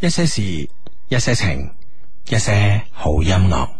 一些事，一些情，一些好音樂。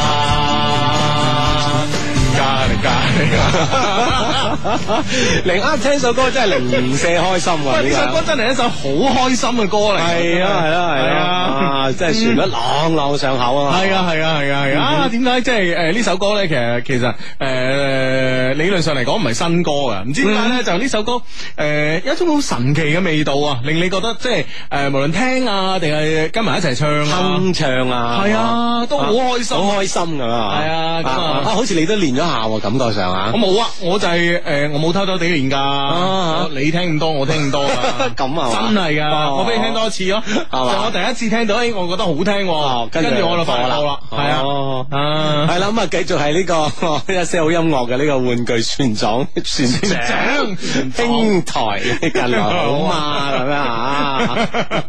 零啊，聽首歌真係零舍開心啊！呢首歌真係一首好開心嘅歌嚟，係啊係啊係啊，啊真係旋律朗朗上口啊！係啊係啊係啊係啊！點解即係誒呢首歌咧？其實其實誒。理論上嚟講唔係新歌啊，唔知點解咧就呢首歌，誒，有一種好神奇嘅味道啊，令你覺得即係誒，無論聽啊，定係跟埋一齊唱、哼唱啊，係啊，都好開心，好開心噶，係啊，啊，好似你都練咗下喎，感覺上啊，我冇啊，我就係誒，我冇偷偷地練噶，你聽咁多，我聽咁多，咁啊，真係噶，我俾你聽多次咯，就我第一次聽到，誒，我覺得好聽喎，跟住我就發火啦，係啊，係啦，咁啊，繼續係呢個一些好音樂嘅呢個換。句船長，船長，平長長台，你近來好嘛咁啊？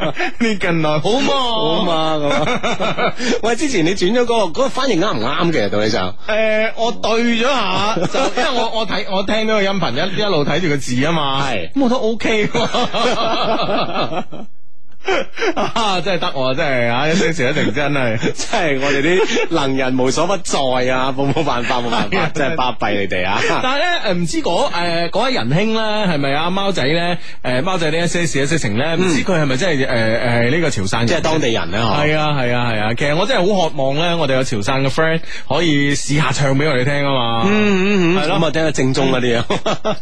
你近來好嘛咁啊？喂，之前你轉咗嗰個嗰、嗰個翻譯啱唔啱嘅，杜你上，誒、呃，我對咗下， 因為我我睇我聽呢個音頻一一路睇住個字啊嘛，咁 是我都 OK。 真係得我，真係啊，啊！一些事一定真係， 真係我哋啲能人無所不在啊！冇冇辦法，冇辦法， 真係巴閉你哋啊！但係咧，誒唔知嗰誒位仁兄咧，係、呃、咪啊？貓仔咧？誒，貓仔呢？呃、仔一些事、一些情咧，唔知佢係咪真係誒誒呢個潮汕人，即係當地人咧？係啊係，啊係，啊！其實我真係好渴望咧，我哋有潮汕嘅 friend 可以試下唱俾我哋聽啊嘛！嗯嗯嗯，係咯，咁啊聽下正宗嗰啲啊！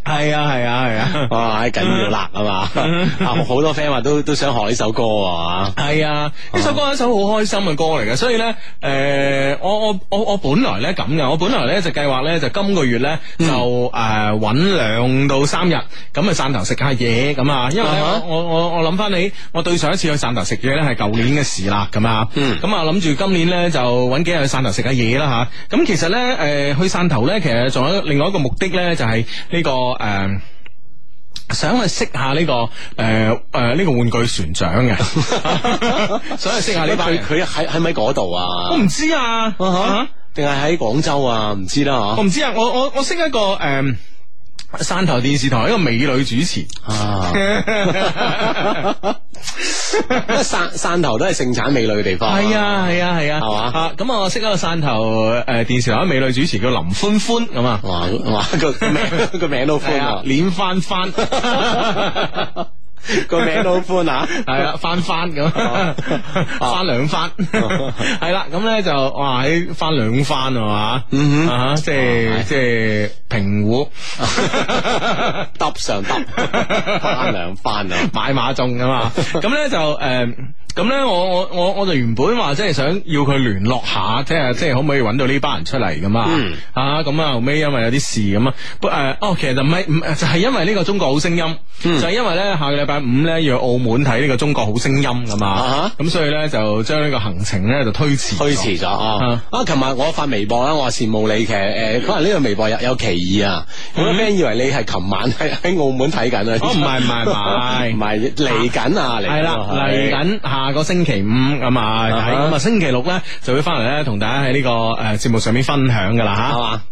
係啊係，啊係，啊！哇、啊，喺緊要辣啊嘛！好、 啊、 多 friend 話都都想學呢首。啊 歌啊，係啊，呢首歌係一首好開心嘅歌嚟嘅，所以呢，誒、呃，我我我我本來呢咁嘅，我本來呢就計劃呢，就今個月呢，就誒搵兩到三日咁去汕頭食下嘢咁啊，因為咧、嗯、我我我諗翻起我對上一次去汕頭食嘢呢係舊年嘅事啦，咁啊，咁啊諗住今年呢，就揾幾日去汕頭食下嘢啦吓，咁、啊啊、其實呢，誒、呃、去汕頭呢，其實仲有另外一個目的呢，就係、是、呢、呢個誒。呃想去識下、這、呢個誒誒呢個玩具船長嘅， 想去識下呢班佢佢喺喺咪嗰度啊？我唔知啊，吓吓，定係喺廣州啊？唔知啦嗬。我唔知啊，我我我識一個誒，汕、um、頭電視台一個美女主持啊。 汕汕頭都係盛產美女嘅地方，係啊，係啊，係啊，係嘛、啊？咁、啊吧啊、我識一個汕頭誒、呃、電視台美女主持叫林歡歡咁啊，哇哇個個名都歡啊，臉翻翻。個名都好寬啊，係啦，翻番翻咁，翻兩番係啦，咁咧就哇，喺翻兩番，啊嘛，嗯，嗯嗯即係即係平湖搭上搭翻兩番啊，買馬中噶嘛，咁咧就誒。咁咧，我我我我就原本話即係想要佢聯絡下，睇下即係可唔可以揾到呢班人出嚟噶嘛？啊，咁啊後尾因為有啲事咁啊，不誒哦，其實就唔係唔就係因為呢個中國好聲音，就係因為咧下個禮拜五咧要去澳門睇呢個中國好聲音噶嘛，咁所以咧就將呢個行程咧就推遲推遲咗。啊，啊，琴日我發微博啦，我話羨慕你，其實誒可能呢個微博有有歧義啊，我咩以為你係琴晚係喺澳門睇緊啊，我唔係唔係唔係唔係嚟緊啊嚟，係啦嚟緊下個星期五咁啊，咁啊吧、嗯、星期六咧就會翻嚟咧同大家喺呢、這個誒節、呃、目上面分享噶啦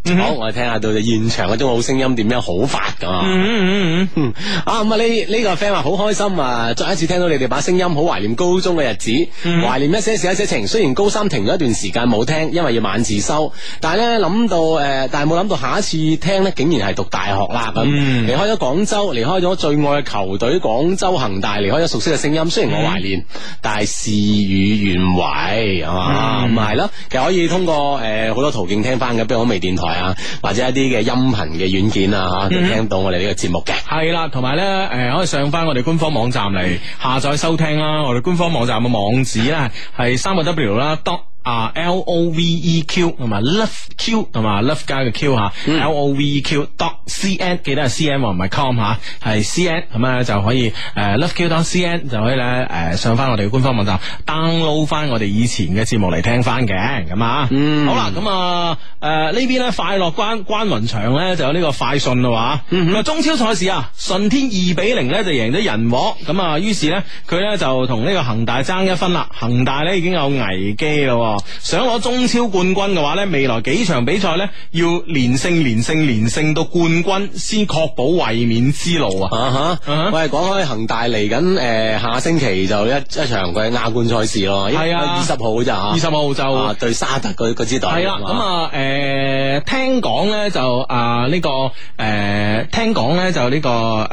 吓，好，我哋聽下到現場嗰種好聲音點樣好發噶，嗯嗯、啊咁啊呢呢個 friend 話好開心啊，再一次聽到你哋把聲音，好懷念高中嘅日子，懷、嗯、念一些事一些情。雖然高三停咗一段時間冇聽，因為要晚自修，但係咧諗到誒、呃，但係冇諗到下一次聽咧，竟然係讀大學啦，離、嗯嗯、開咗廣州，離開咗最愛嘅球隊廣州恒大，離開咗熟悉嘅聲音，雖然我懷念。嗯但係事與願違，係嘛？嗯？咪係咯，其實可以通過誒好、呃、多途徑聽翻嘅，比如好微電台啊，或者一啲嘅音頻嘅軟件啊，吓，嚇，聽到我哋、嗯、呢個節目嘅。係、呃、啦，同埋咧誒可以上翻我哋官方網站嚟、嗯、下載收聽啦。我哋官方網站嘅網址咧係三個 W 啦、啊，當。啊，L O V E Q 同埋 Love Q，同埋 Love 加個 Q 吓、嗯、，L O V E Q. dot C N，記得係 C N 唔、啊、係 com 吓，係 C N，咁咧就可以誒、呃、，Love Q. dot C N 就可以咧誒、呃，上翻我哋嘅官方網站，download 翻我哋以前嘅節目嚟聽翻嘅，咁啊、嗯，嗯，好啦，咁啊。誒，呢邊呢，快樂關關雲長咧就有呢個快訊啦，話，咁啊中超賽事啊，順天二比零呢就贏咗人和，咁啊於是呢，佢呢就同呢個恒大爭一分啦，恒大呢已經有危機咯，想攞中超冠軍嘅話呢，未來幾場比賽呢，要連勝連勝連勝到冠軍先確保衛冕之路啊，我哋講開恒大嚟緊誒下星期就一一場嘅亞冠賽事咯，係啊，二十號咋，二十號就對沙特嗰支隊，係啦，咁啊誒。誒、呃，聽講咧就啊呢個，誒聽講咧就呢個，誒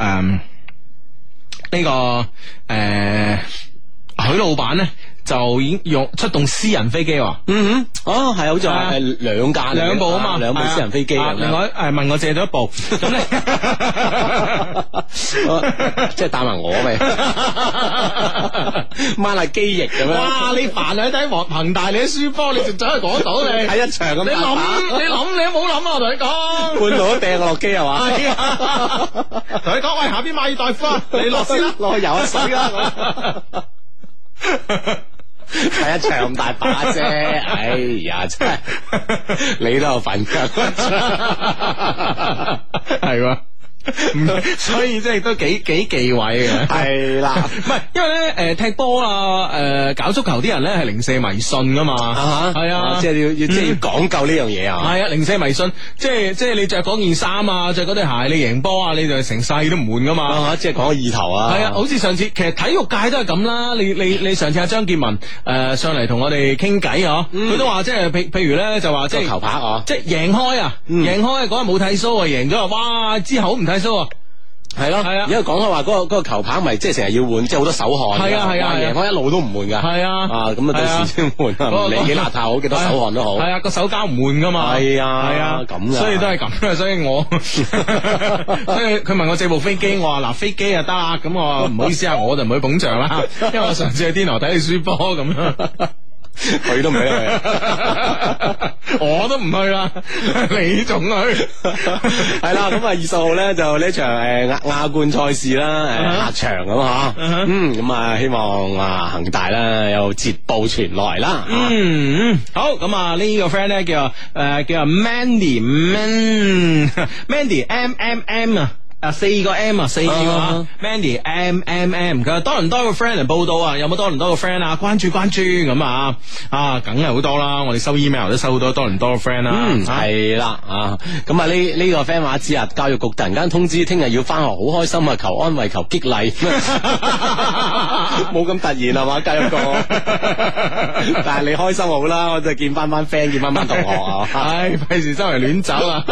呢個，誒許老闆咧。就已經用出動私人飛機，嗯哼，哦係，好似係兩架，兩部啊嘛，兩部私人飛機，另外誒問我借咗一部，咁咧即係帶埋我咪，掹下機翼咁樣，哇你凡係睇皇恒大你嘅輸波，你直走去講到你喺一場咁，你諗你諗你都冇諗啊，我同你講，半路掟落機係嘛，同你講喂，下邊馬爾代夫，你落先落去游下水啦。係 一場咁大把啫，哎呀真係一你都有份跟，係一唔 所以即係都幾幾忌諱嘅係啦，唔係 因為咧誒、呃、踢波啊、誒、呃、搞足球啲人咧係零舍迷信噶嘛，係啊，哈的啊，就是嗯、即係要要即係講究呢樣嘢啊，係啊，零舍迷信，即係即係你着嗰件衫啊，着嗰對鞋，你贏波啊，你就成世都唔換噶嘛，啊、即係講個意頭啊，係啊，好似上次其實體育界都係咁啦，你你你，你上次阿張建文誒、呃、上嚟，同我哋傾偈啊，佢、嗯、都話即係譬譬如咧就話即係球拍啊，即係贏開啊，贏、嗯、開嗰日冇睇 show 啊，贏咗啊，哇之後唔睇。叔，係咯，而家講開話嗰個個球棒咪即係成日要換，即係好多手汗。係啊係啊，我一路都唔換噶。係啊，啊咁啊，到時先換，你幾邋遢好，幾多手汗都好。係啊，個手膠唔換噶嘛。係啊係啊，咁所以都係咁啊，所以我所以佢問我借部飛機，我話嗱，飛機啊，得，咁我唔好意思啊，我就唔去捧場啦，因為我上次喺天台睇你輸波咁樣。佢都唔去 我都唔去啦，你仲去？係啦，咁啊，二十號咧就呢一場誒亞亞冠賽事啦，客場咁吓，嗯，咁、嗯、啊，希望啊恒大啦，有捷報傳來啦。嗯，好，咁、嗯、啊、嗯嗯這個、呢個 friend 咧叫誒叫啊 Mandy Mandy Mandy, Man, M M 啊。M M M 啊四個 M 啊四個啊 Mandy M、uh, Manny, M，噶、MM, 多倫多嘅 friend 嚟報道啊，有冇多倫多嘅 friend 啊？關注關注咁啊啊，梗係好多啦！我哋收 email 都收好多多倫多嘅 friend、啊嗯、啦。嗯，係啦啊，咁啊呢呢個 friend 話知啊，教育局突然間通知聽日要翻學，好開心啊！求安慰，求激勵，冇咁 突然係嘛？教育局， 但係你開心好啦，我就係見翻翻 friend，見翻翻同學啊！唉、 哎，費事周圍亂走啊！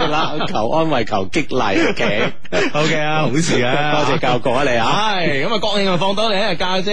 係 啦，求安慰，求激勵。O Okay , K 啊，好事啊，多謝教育局啊你啊，係咁、 哎、國慶啊放多你一日假啫，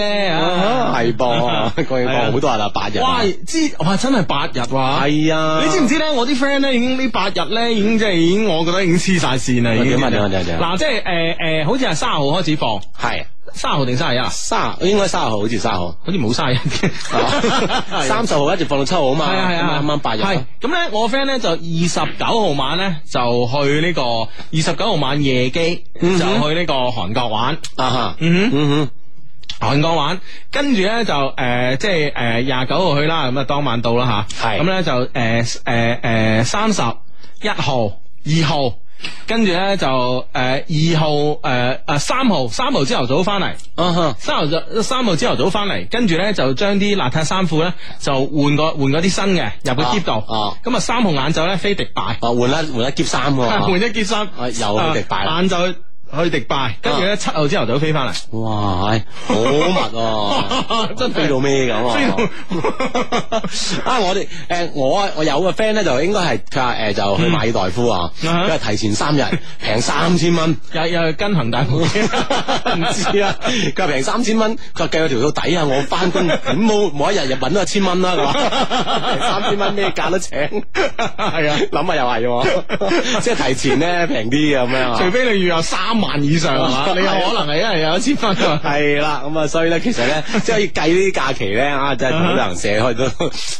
係噃，國慶放好多日啦、啊，八日、啊，哇，知哇真係八日哇，係啊，哎、呀你知唔知咧？我啲 friend 咧已經呢八日咧已經即係已經我覺得已經黐晒線啦，幾日幾日幾日，嗱即係誒誒，好似係三十號開始放，係、啊。三號定卅一？三，應該三號好似三號，好似冇卅一嘅。三十 號一直放到七號啊嘛。係啊係啊，啊今晚八日。係咁咧，我 friend 咧就二十九號晚咧就去呢個二十九號晚夜機，就、嗯、哼去呢個韓國玩。啊哈，嗯哼嗯嗯哼，韓國玩。跟住咧就誒，即係誒廿九號去啦，咁啊當晚到啦吓。係咁咧就誒誒誒三十一號、二號。跟住咧就誒二、呃、號誒誒、呃啊啊、三號三號朝頭早翻嚟，啊啊，三號三號朝頭早翻嚟，跟住咧就將啲邋遢衫褲咧就換個換嗰啲新嘅入個箧度，咁啊三號晏晝咧飛迪拜，換一換一箧衫喎，換一箧衫又去迪拜。啊去迪拜，跟住咧七號之後就飛翻嚟。哇，好密，啊，真飛到咩咁啊！我哋誒，我我有個 friend 咧，就應該係佢話誒，就去馬爾代夫啊，佢話提前三日平三千蚊，又又跟恒大唔知啊，佢話平三千蚊，佢話計到條到底啊，我翻工冇，每一日日搵都一千蚊啦，係嘛？三千蚊咩價得請，係啊，諗下又係，即係提前咧平啲咁樣。除非你預約三。萬以上係吧，你有可能係因為有一千蚊㗎。係啦了，咁啊，所以咧，其實咧，即係計呢啲假期咧啊，就 可能成日都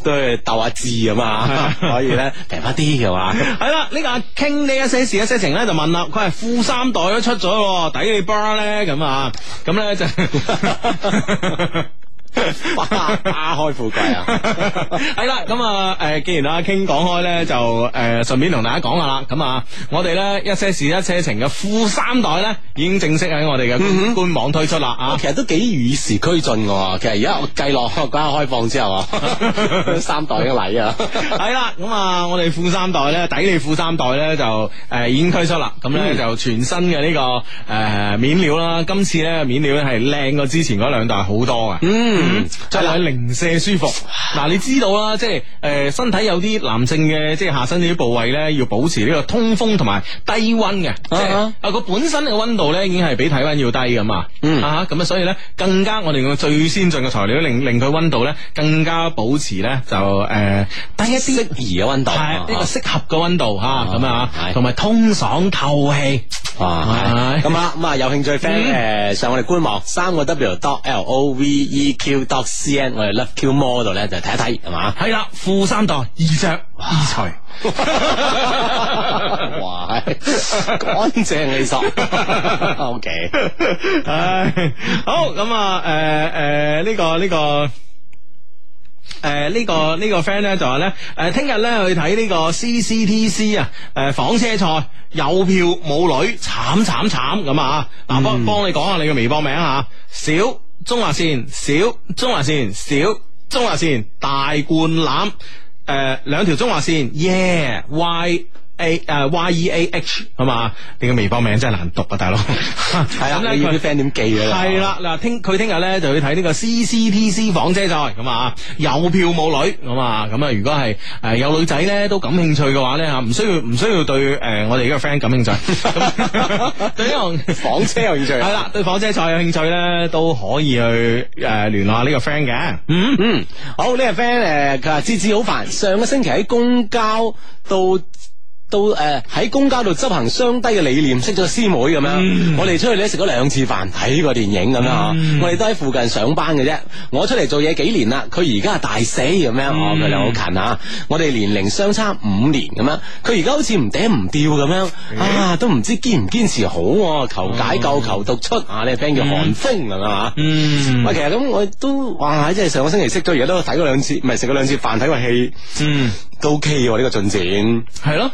都係鬥下智㗎嘛。可 以咧，平一啲嘅話？係 啦， 呢、呢個傾呢一些事一些情咧，就問啦，佢係富三代都出咗底你巴咧咁啊，咁咧就是。 打開富貴啊！係 啦，咁啊，誒，既然阿傾講開咧，就誒，順便同大家講下啦。咁啊，我哋咧一些事一些情嘅富三代咧，已經正式喺我哋嘅官、嗯、哼官網推出啦啊、哦！其實都幾與時俱進嘅、啊。其實而家我計落家開放之後啊，三代嘅禮啊，係啦，咁啊，我哋富三代咧，抵你富三代咧就誒已經推出啦。咁咧就全新嘅呢、這個誒面、呃、料啦。今次咧面料咧係靚過之前嗰兩代好多啊。嗯。嗯、就係零舍舒服，嗱你、嗯、知道啦，即係誒身體有啲男性嘅即係下身啲部位咧，要保持呢個通風同埋低溫嘅，啊啊即係佢本身嘅溫度咧已經係比體溫要低噶嘛，啊咁啊所以咧更加我哋用最先進嘅材料令令佢溫度咧更加保持咧就誒、呃、低一啲適宜嘅溫度，係、啊啊欸、一個適合嘅溫度吓，咁啊同、啊、埋、啊、通爽透氣。哇，係咁啊！咁啊、嗯，有興趣 f r i e n d、呃、誒，上我哋官網三個 w dot l o v e q dot c n，我哋 love q model 咧就睇一睇，係嘛？係啦，富三代，二着二材，哇，乾淨利索，O K，唉， Okay. uh, 好咁啊，誒誒，呢個呢個。誒，呃這個這個、呢、就是呢，呃、呢個呢個 friend 咧就話咧，誒，聽日咧去睇呢個 CCTC 啊、呃，誒，房車賽有票冇女，慘慘慘咁啊！嗱，我、嗯、幫、幫你講下你嘅微博名啊，小中華綫，小中華綫，小中華綫，大灌籃，誒、呃，兩條中華綫 yeah，why A 誒、uh, Y E A H，係嘛？你個微博名真係難讀 啊，大佬。 係啊， 你啲 friend 點記啊？係啦，嗱，聽佢聽日咧就要睇呢個 C C T C 房車賽，咁啊，有票冇女，咁啊，咁啊，如果係誒有女仔咧都感興趣嘅話咧嚇，唔需要唔需要對誒、呃、我哋呢個 friend 感興趣。 對呢個房車 有興趣？係啦，對房車賽有興趣咧都可以去誒聯、呃、絡下呢個 friend 嘅。嗯嗯、mm，hmm. 好呢、這個 friend 誒佢話字字好煩，上個星期喺公交到。到誒喺、呃、公交度執行雙低嘅理念，識咗個師妹咁樣，嗯、我哋出去咧食咗兩次飯，睇個電影咁樣嗬。嗯、我哋都喺附近上班嘅啫。我出嚟做嘢幾年啦，佢而家係大四咁樣，哦佢哋好近啊。我哋年齡相差五年咁樣，佢而家好似唔嗲唔吊咁樣啊，都唔知堅唔堅持好、啊。求解救，求讀出、嗯、啊！你個 friend 叫韓風咁樣嘛？嗯，喂、嗯，其實咁我都哇，即係上個星期識咗，而家都睇過兩次，唔係食過兩次飯睇個戲。過戲嗯，都 OK 嘅、啊、呢、這個進展。係咯的。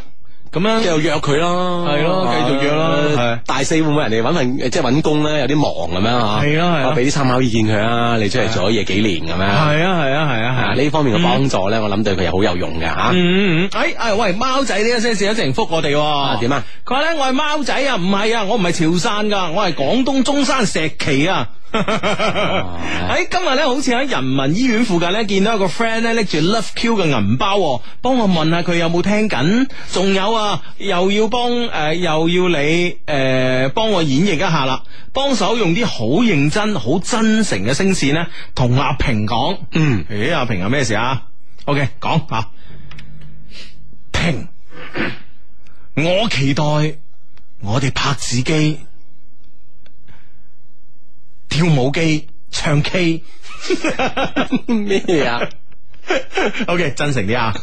咁樣繼續約佢咯，係咯，繼續約咯。係大四會唔會人哋揾份即係揾工咧？有啲忙咁樣啊，係啊，我俾啲參考意見佢啊。你出嚟做咗嘢幾年咁樣。係啊，係啊，係啊，係啊，呢方面嘅幫助咧，我諗對佢係好有用嘅嚇。嗯嗯嗯。哎哎，喂，貓仔呢一些事一些情嚟覆我哋點啊？佢話咧，我係貓仔啊，唔係啊，我唔係潮汕噶，我係廣東中山石岐啊。喺 今日咧，好似喺人民醫院附近咧，見到一個 friend 咧拎住 Love Q 嘅銀包，幫我問下佢有冇聽緊？仲有啊，又要幫誒、呃，又要你誒，幫、呃、我演繹一下啦，幫手用啲好認真、好真誠嘅聲線咧，同阿平講。嗯，誒、欸，阿平有咩事啊？O K，講吓停，我期待我哋拍子機。跳舞機、唱 K，咩啊？OK，真誠啲啊， okay,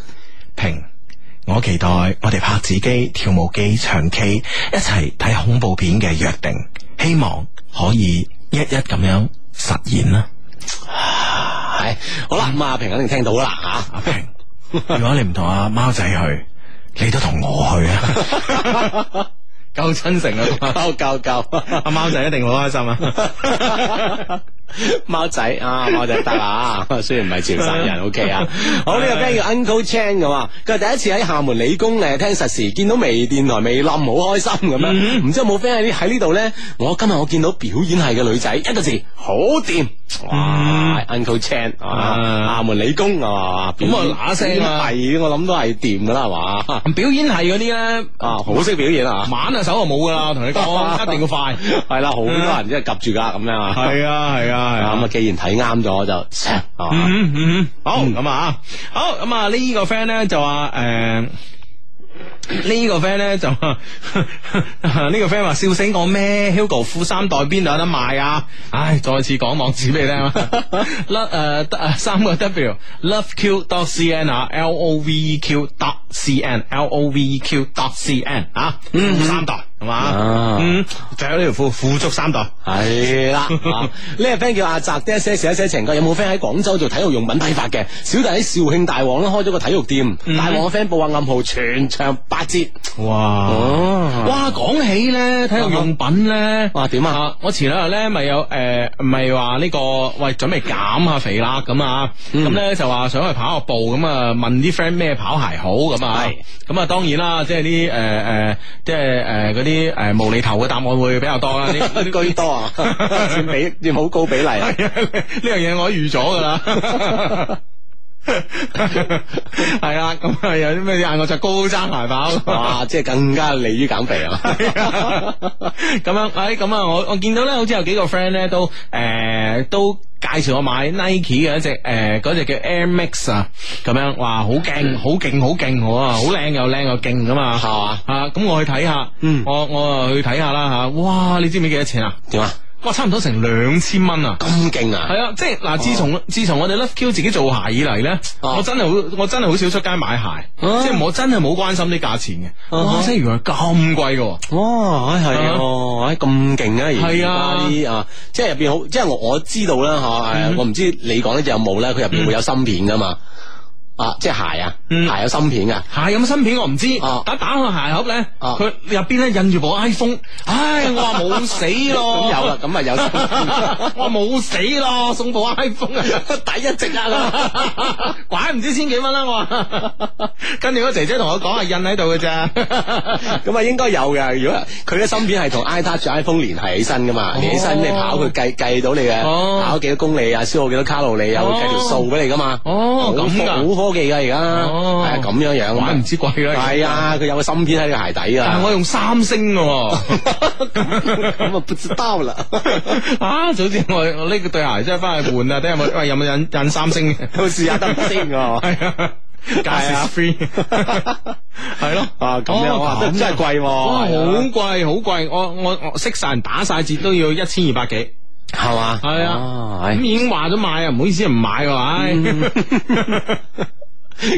平，我期待我哋拍子機、跳舞機、唱 K，一齊睇恐怖片嘅約定，希望可以一一咁樣實現啦。係唉，好啦，咁阿、嗯啊、平肯定聽到啦吓，阿、 啊、平，如果你唔同阿貓仔去，你都同我去啊。 夠真誠啊！夠夠夠，阿貓仔一定好開心啊！貓仔啊，貓仔得啦，雖然唔係潮汕人，O K 啊。好呢個 friend 叫 Uncle Chan 噶，佢第一次喺廈門理工嚟聽實時，見到微電台微冧，好開心咁樣。唔知有冇 friend 喺呢喺呢度咧？我今日我見到表演系嘅女仔，一個字好掂。哇，Uncle Chan 啊，廈門理工啊，咁啊喇聲啊，表演我諗都係掂噶啦，係嘛？表演系嗰啲咧啊，好識表演啊，晚下手就冇噶啦，同你講一定要快，係啦，好多人即係夾住噶咁樣啊，係啊係啊。係咁啊！既然睇啱咗就，好咁啊！好咁啊！呢個 friend 咧就話，誒，呢個 friend 咧就，呢個 friend 話笑死我咩？Hugo 富三代邊度有得賣啊？唉，再次講網址俾你聽啦。love 誒誒三個 w loveq. dot cn 啊，l o v e q. dot cn，l o v e q. dot cn 啊，嗯，富三代。係嘛？嗯，仲有呢條褲，富足三代係啦。呢、啊啊這個 friend 叫阿澤，D S S，D S S 成個。有冇 friend 喺廣州做體育用品批發嘅？小弟喺肇慶大王啦，開咗個體育店。嗯、大王個 friend 報下暗號，全場八折。哇！啊、哇，講起咧，體育用品咧，哇、啊，點啊，啊，啊？我前兩日咧，咪有誒，唔係話呢個喂，準備減下肥啦咁啊，咁咧、嗯、就話想去跑下步，咁啊問啲 friend 咩跑鞋好咁啊？咁啊，當然啦，即係啲誒誒，即係誒嗰啲。呃就是啲誒無厘頭嘅答案會比較多啦，居多啊，佔比佔好高比例啊，呢樣嘢我可以預咗噶啦，係啊，咁啊有啲咩嘢啊，我着高踭鞋跑，哇，即係更加利於減肥啊，嘛、 哎。咁樣，誒，咁啊，我我見到咧，好似有幾個 friend 咧都誒都。呃都介紹我買 Nike 嘅一隻誒，嗰、呃、隻叫 Air Max 啊，咁樣哇，好勁，好勁、嗯，好勁，好啊，好靚又靚又勁噶嘛，係啊，啊，咁我去睇下，嗯，我我啊去睇下啦吓，哇，你知唔知幾多錢啊？點啊？哇，差唔多成兩千蚊啊！咁勁啊！係啊，即係嗱，自從、哦、自從我哋 Love Q 自己做鞋以嚟咧、哦，我真係好，我真係好少出街買鞋，啊、即係我真係冇關心啲價錢嘅。啊、哇，即係原來咁貴嘅喎、啊！哇，係、哎、啊，咁勁、哎、啊！而家啲啊，即係入邊好，即係我我知道啦嚇，啊嗯、哼我唔知你講咧隻有冇咧，佢入邊會有芯片噶嘛？嗯即係鞋啊，鞋有芯片啊，鞋有芯片我唔知，但係打開鞋盒咧，佢入邊咧印住部 iPhone，唉，我話冇死咯，咁有啦，咁啊有，我話冇死咯，送部 iPhone 啊，第一隻啊，怪唔知千幾蚊啦，我，跟住個姐姐同我講係印喺度噶咋，咁啊應該有嘅，如果佢嘅芯片係同 iPad iPhone 聯繫起身噶嘛，聯起身你跑佢計計到你嘅，跑幾多公里啊，消耗幾多卡路里啊，會計條數俾你噶嘛，哦咁好。記而家，係咁樣樣，唔知貴啦。係啊，佢有個芯片喺個鞋底啊。但係我用三星嘅，咁啊唔知道啦。啊，早知我我呢對鞋真係翻去換啊，睇下有冇喂，有冇人印三星嘅，都試下得先啊。係啊，介下 free，係咯。啊，咁樣啊，真係貴。哇，好貴好貴，我我我識晒人打晒折都要一千二百幾。係嘛？係啊，咁、哦嗯、已經話咗買啊，唔好意思唔買喎，唉，咁、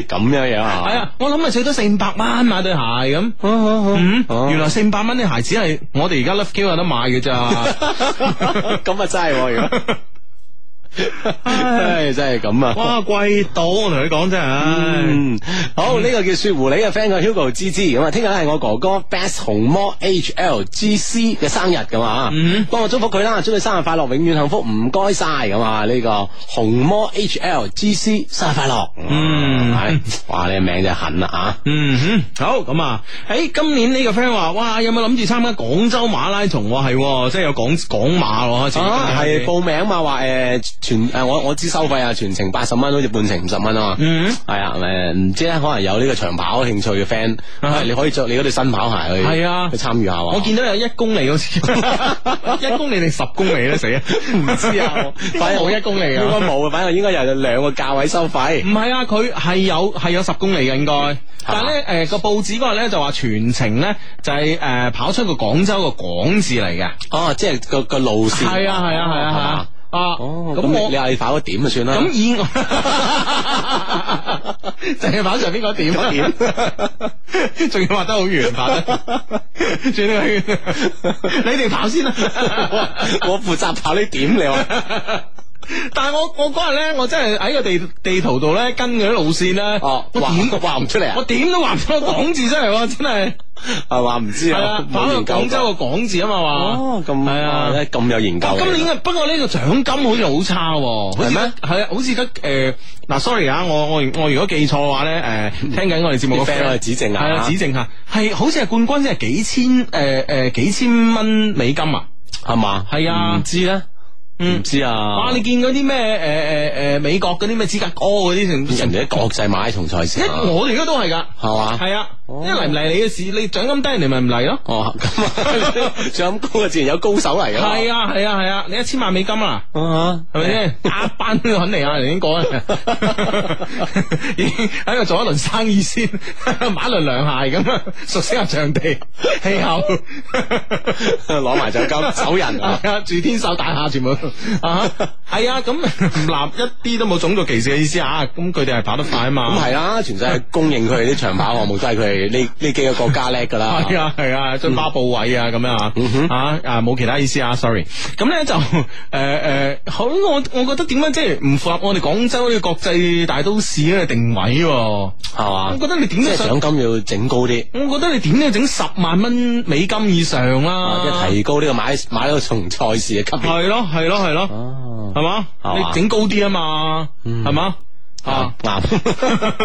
嗯、 樣嘢子啊，嘛？係啊，我諗咪最多四百蚊買對鞋咁，原來四百蚊啲鞋只係我哋而家 Lufkin 有得買嘅咋，咁 啊真係如果。 係真係咁啊！哇，貴到，我同你講真。啊！好呢個叫雪狐狸嘅 friend 個 Hugo 芝芝咁啊，聽日係我哥哥 Best 紅魔 H L G C 嘅生日噶嘛啊！嗯，幫我祝福佢啦，祝佢生日快樂，永遠幸福，唔該晒咁啊！呢個紅魔 H L G C 生日快樂！嗯，哇，你名就狠啦吓！嗯哼，好咁啊！誒，今年呢個 friend 話哇，有冇諗住參加廣州馬拉松？係即係有廣廣馬喎，係報名嘛？話誒。全誒，我我知收費啊，全程八十蚊，好似半程五十蚊啊嘛。嗯，係啊，誒，唔知咧，可能有呢個長跑興趣嘅 friend，你可以着你嗰對新跑鞋去，係啊，去參與下。我見到有一公里好似，一公里定十公里咧？死啊！唔知啊，反正冇一公里啊。應該冇啊，反正應該又有兩個價位收費。唔係啊，佢係有係有十公里嘅應該，但係咧誒個報紙嗰日咧就話全程咧就係誒跑出個廣州個廣字嚟嘅。哦，即係個個路線。係啊係啊係啊係啊。啊，哦，咁、嗯、你我你話你跑嗰點就算啦然，咁以外就係跑上邊個點，點， 仲要畫得好圓滑，轉個圈你哋跑先啦、啊， 我負責跑呢點，你話？ 但係我我嗰日咧，我真係喺個地地圖度咧跟佢啲路線咧。哦，哇，我話唔出嚟啊！我點都話唔出個廣字出嚟，真係係話唔知啊，冇研究。廣州個廣字啊嘛，話哦，咁係啊，咁有研究。今年不過呢個獎金好似好差，係咩？係啊，好似得誒嗱，sorry 啊，我我我如果記錯嘅話咧，誒，聽緊我哋節目嘅 friend 嚟指正啊，係啊，指正吓，係好似係冠軍先係幾千誒誒幾千蚊美金啊，係嘛？係啊，唔知咧。唔知、嗯嗯、啊！啊，你見過嗰啲咩？誒誒誒，美國嗰啲咩芝加哥嗰啲成，人哋喺國際馬拉松賽事，我哋而家都係㗎，係嘛吧？係啊。哦、因為嚟唔嚟你嘅事，你獎金低人哋咪唔嚟咯。哦，咁啊，獎金高啊，自然有高手嚟。係 啊，係啊，係啊，啊，你一千萬美金啊，係咪先？阿班都肯嚟啊， 已經過啊，已經喺度做一輪生意先，買一輪涼鞋咁啊，熟悉下場地氣候，攞埋就交走人 啊，住天秀大廈全部啊，係啊，咁唔、 嗯、立一啲都冇種族歧視嘅意思啊，咁佢哋係跑得快啊嘛。咁係啊，全世係供應佢哋啲長跑項目，即係佢哋。呢呢幾個國家叻噶啦，係啊係啊，津、啊、巴布韋啊咁樣啊啊，冇、啊嗯哼啊啊、其他意思啊，sorry。咁咧就誒誒，好、呃呃，我我覺得點樣即係唔符合我哋廣州呢個國際大都市呢嘅定位，係嘛？我覺得你點解係獎金要整高啲，我，啊、吧我覺得你點樣要整十萬蚊美金以上啦、啊啊，即係提高呢個買買呢個從賽事嘅級別，係咯係咯係咯，係嘛？你整高啲啊嘛，係嘛啊？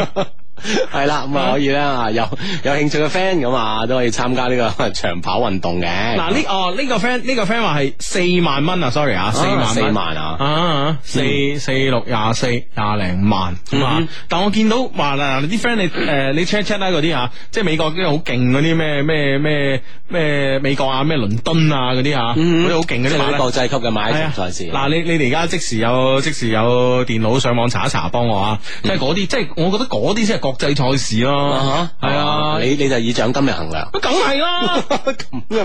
係啦，咁啊可以啦，有有興趣嘅 friend 咁啊都可以參加呢個長跑運動嘅。嗱呢哦呢個 friend 呢個 friend 話係四萬蚊啊，sorry 啊，四萬四萬啊，四四六廿四廿零萬咁啊。但我見到話嗱你啲 friend 你誒你 check check 啦嗰啲啊，即係美國啲好勁嗰啲咩咩咩咩美國啊咩倫敦啊嗰啲啊，嗰啲好勁嘅。即係啲國際級嘅馬拉松賽事。嗱你你哋而家即時有即時有電腦上網查一查幫我啊，即係嗰啲即係我覺得嗰啲先係。國際賽事咯，係啊，你你就以獎金嚟衡量，梗係啦，咁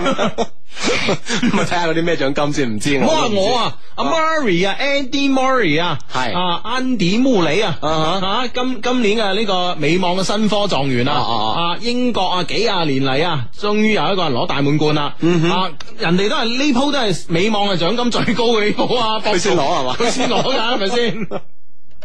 咪睇下嗰啲咩獎金先，唔知我。唔好話我啊，阿 Murray 啊，Andy Murray 啊，係啊，Andy 穆里啊，吓今今年嘅呢個美網嘅新科狀元啦，啊，英國啊，幾廿年嚟啊，終於有一個人攞大滿貫啦，啊，人哋都係呢鋪都係美網嘅獎金最高嘅呢鋪啊，佢先攞係嘛，佢先攞噶，係咪先？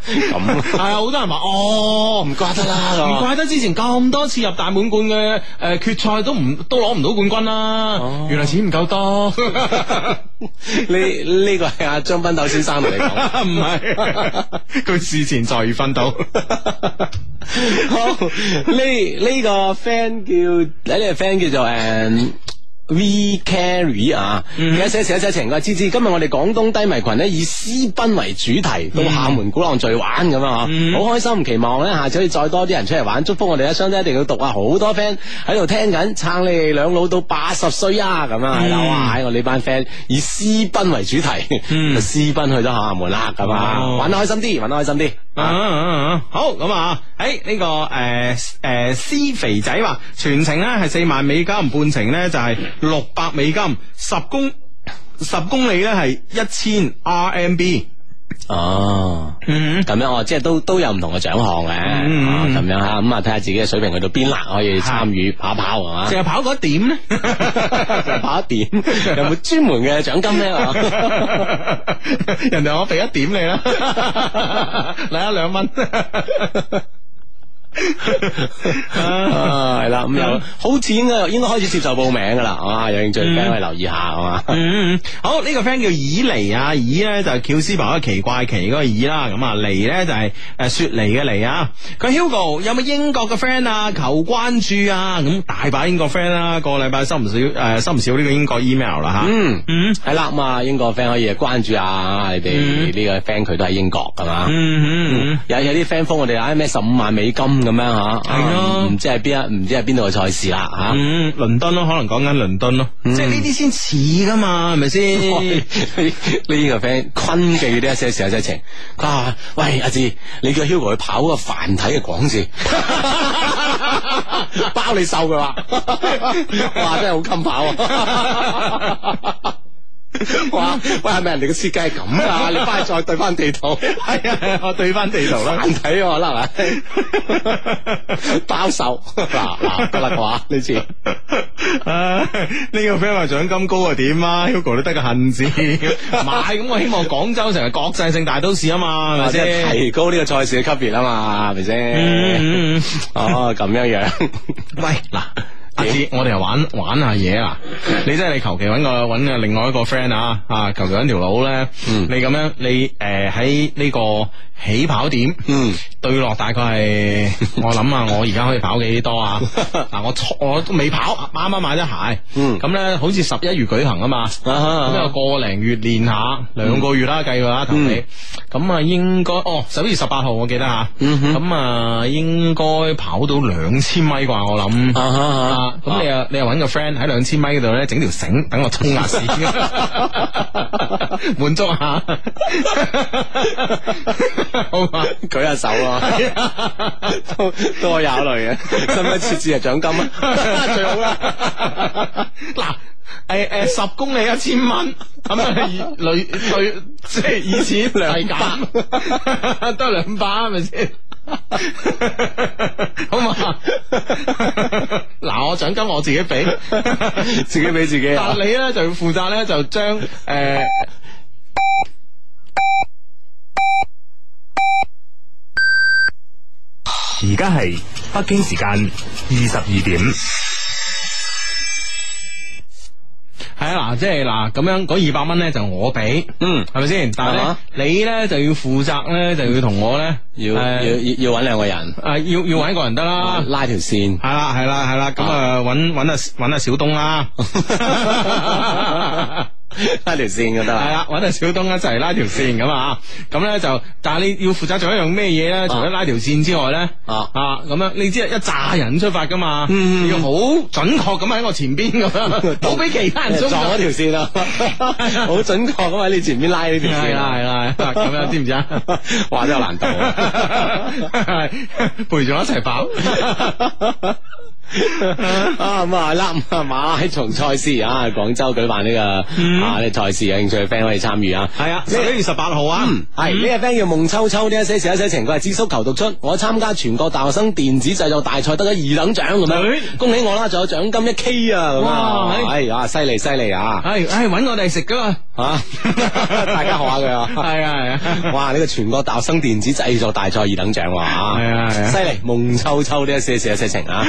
咁係啊！好 多人話哦，唔怪得啦，唔 怪得之前咁多次入大滿貫嘅誒決賽都唔都攞唔到冠軍啦。哦、原來錢唔夠多，呢 呢、 呢個係阿張斌斗先生同你講，唔係佢事前在預奮鬥。 好，呢呢、呢個 friend 叫呢個 friend 叫做誒。We carry 啊！而家寫寫寫寫情歌今日我哋廣東低迷群咧，以私奔為主題，到廈門鼓浪嶼玩咁樣嗬，好開心。期望咧下次可以再多啲人出嚟玩。祝福我哋一雙仔一定要讀啊！好多 friend 喺度聽緊，撐你哋兩老到八十歲啊！咁啊，好啊！我哋班 friend 以私奔為主題，私奔去咗廈門啦，係啊。玩得開心啲，玩得開心啲，好咁啊！誒，呢、哎，這個誒誒，施、呃呃、肥仔話全程咧係四萬美金，半程咧就係六百美金，十公十公里咧係一千 RMB。哦，咁樣哦，即係都都有唔同嘅獎項嘅，咁、嗯嗯啊、樣吓，咁啊睇下自己嘅水平去到邊啦，可以參與跑跑係嘛？淨係跑嗰一點咧，跑一，跑跑一，點， 跑一點， 有冇專門嘅獎金咧？ 人哋我俾一點你啦，嚟一兩蚊。係啦，咁又好似應該應該開始接受報名噶啦，啊有興趣 friend 可以留意下，係嘛？好，呢個 friend 叫以尼啊，以咧就係喬斯伯嗰個奇怪奇嗰個以啦，咁啊，尼咧就係誒雪尼嘅尼啊。佢 Hugo 有冇英國嘅 friend 啊？求關注啊！咁大把英國 friend 啦，個禮拜收唔少誒，收唔少呢個英國 email 啦吓。嗯嗯，係啦，咁啊英國 friend 可以關注下，你哋呢個 friend 佢都喺英國噶嘛？有有啲 friend 封我哋啊咩十五萬美金。咁樣吓，係的啊，唔知係邊一，唔知係邊度嘅賽事啦，啊、吓。啊、嗯，倫敦咯，啊，可能講緊倫敦咯，啊、嗯，即係呢啲先似噶嘛，係咪先？呢，哎這個 friend 坤記啲一些事一些情，哇，啊，喂阿志，你叫 Hugo 去跑個繁體嘅廣字， 包你瘦噶啦， 哇，真係好襟跑。啊。 哇！ 喂，係咪人哋嘅設計係咁啊？你翻去再對翻地圖，係 啊，我對翻地圖啦，眼睇可能係包手嗱嗱得啦，哇、 啊！呢次，唉，呢個 friend 話獎金高 啊點啊？Hugo 都得個恨字，唔係咁，我希望廣州成為國際性大都市啊嘛，或者、啊、提高個賽、啊、呢個賽事嘅級別啊嘛，係咪先？哦，咁樣樣，喂嗱。我哋又玩玩下嘢啦，你真係你求其揾個揾個另外一個 friend 啊啊，求其揾條佬咧，你咁樣你誒喺呢個起跑點，嗯，對落大概係我諗下、啊、我而家可以跑幾多啊？嗱、 啊，我我都未跑，啱啱買咗鞋，嗯，咁咧、啊、好似十一月舉行啊嘛，咁又、啊啊、個零月練下，兩個月啦計佢啦，同你，咁啊應該哦，十一月十八號我記得吓、啊，咁啊、嗯、哼應該跑到兩千米啩，我諗、啊。我咁、啊、你又你又搵個 friend 喺兩千米嗰度咧，整條繩，等我衝下線，滿足一下， 好嘛吧？舉下手啊，啊 都都可以、啊、一類嘅，使唔使設置啊獎金啊？ 最好啦，嗱， 誒、欸、誒、欸，十公里一千蚊，咁 啊，累累即係以錢兩百，都兩百係咪先？ 好嘛嗎，嗱， 我獎金我自己俾， 自己俾自己。 但你咧就要負責咧，就將誒。而家係北京時間二十二點。係啊，嗱，即係嗱，咁樣嗰二百蚊咧就是，我俾，嗯，係咪先？但係你咧就要負責咧，就要同我咧，要、呃、要要要揾兩個人，啊、呃，要要揾一個人得啦，拉條線，係啦係啦係啦，咁啊揾揾阿揾阿小東啦，啊。 拉條線就得啦，係啦了，搵阿小東一齊拉條線咁啊，咁咧就，但係你要負責做一樣咩嘢咧？除咗、啊、拉條線之外咧，啊啊，咁樣你知啊，一紮人出發噶嘛，嗯，要好準確咁喺我前邊咁樣，唔好俾其他人撞咗條線啊，好 準確咁喺你前邊拉呢條線，係啦係啦，咁樣知唔知啊？話 都有難度， 陪住我一齊跑。 啊咁係啦，馬拉松賽事啊，廣州舉辦呢個啊呢賽事有興趣嘅 friend 可以參與啊。係啊，十一月十八號啊，係呢個 friend 叫夢秋秋，呢一些事一些情，佢係支縮求讀出，我參加全國大學生電子製作大賽得咗二等獎咁樣，恭喜我啦，仲有獎金一 K 啊，咁啊，哎呀，犀利犀利啊，係，哎，搵我哋食噶嘛，吓，大家學下佢啊，係啊係啊，哇，呢個全國大學生電子製作大賽二等獎啊，係犀利，夢秋秋呢一些事一些情啊！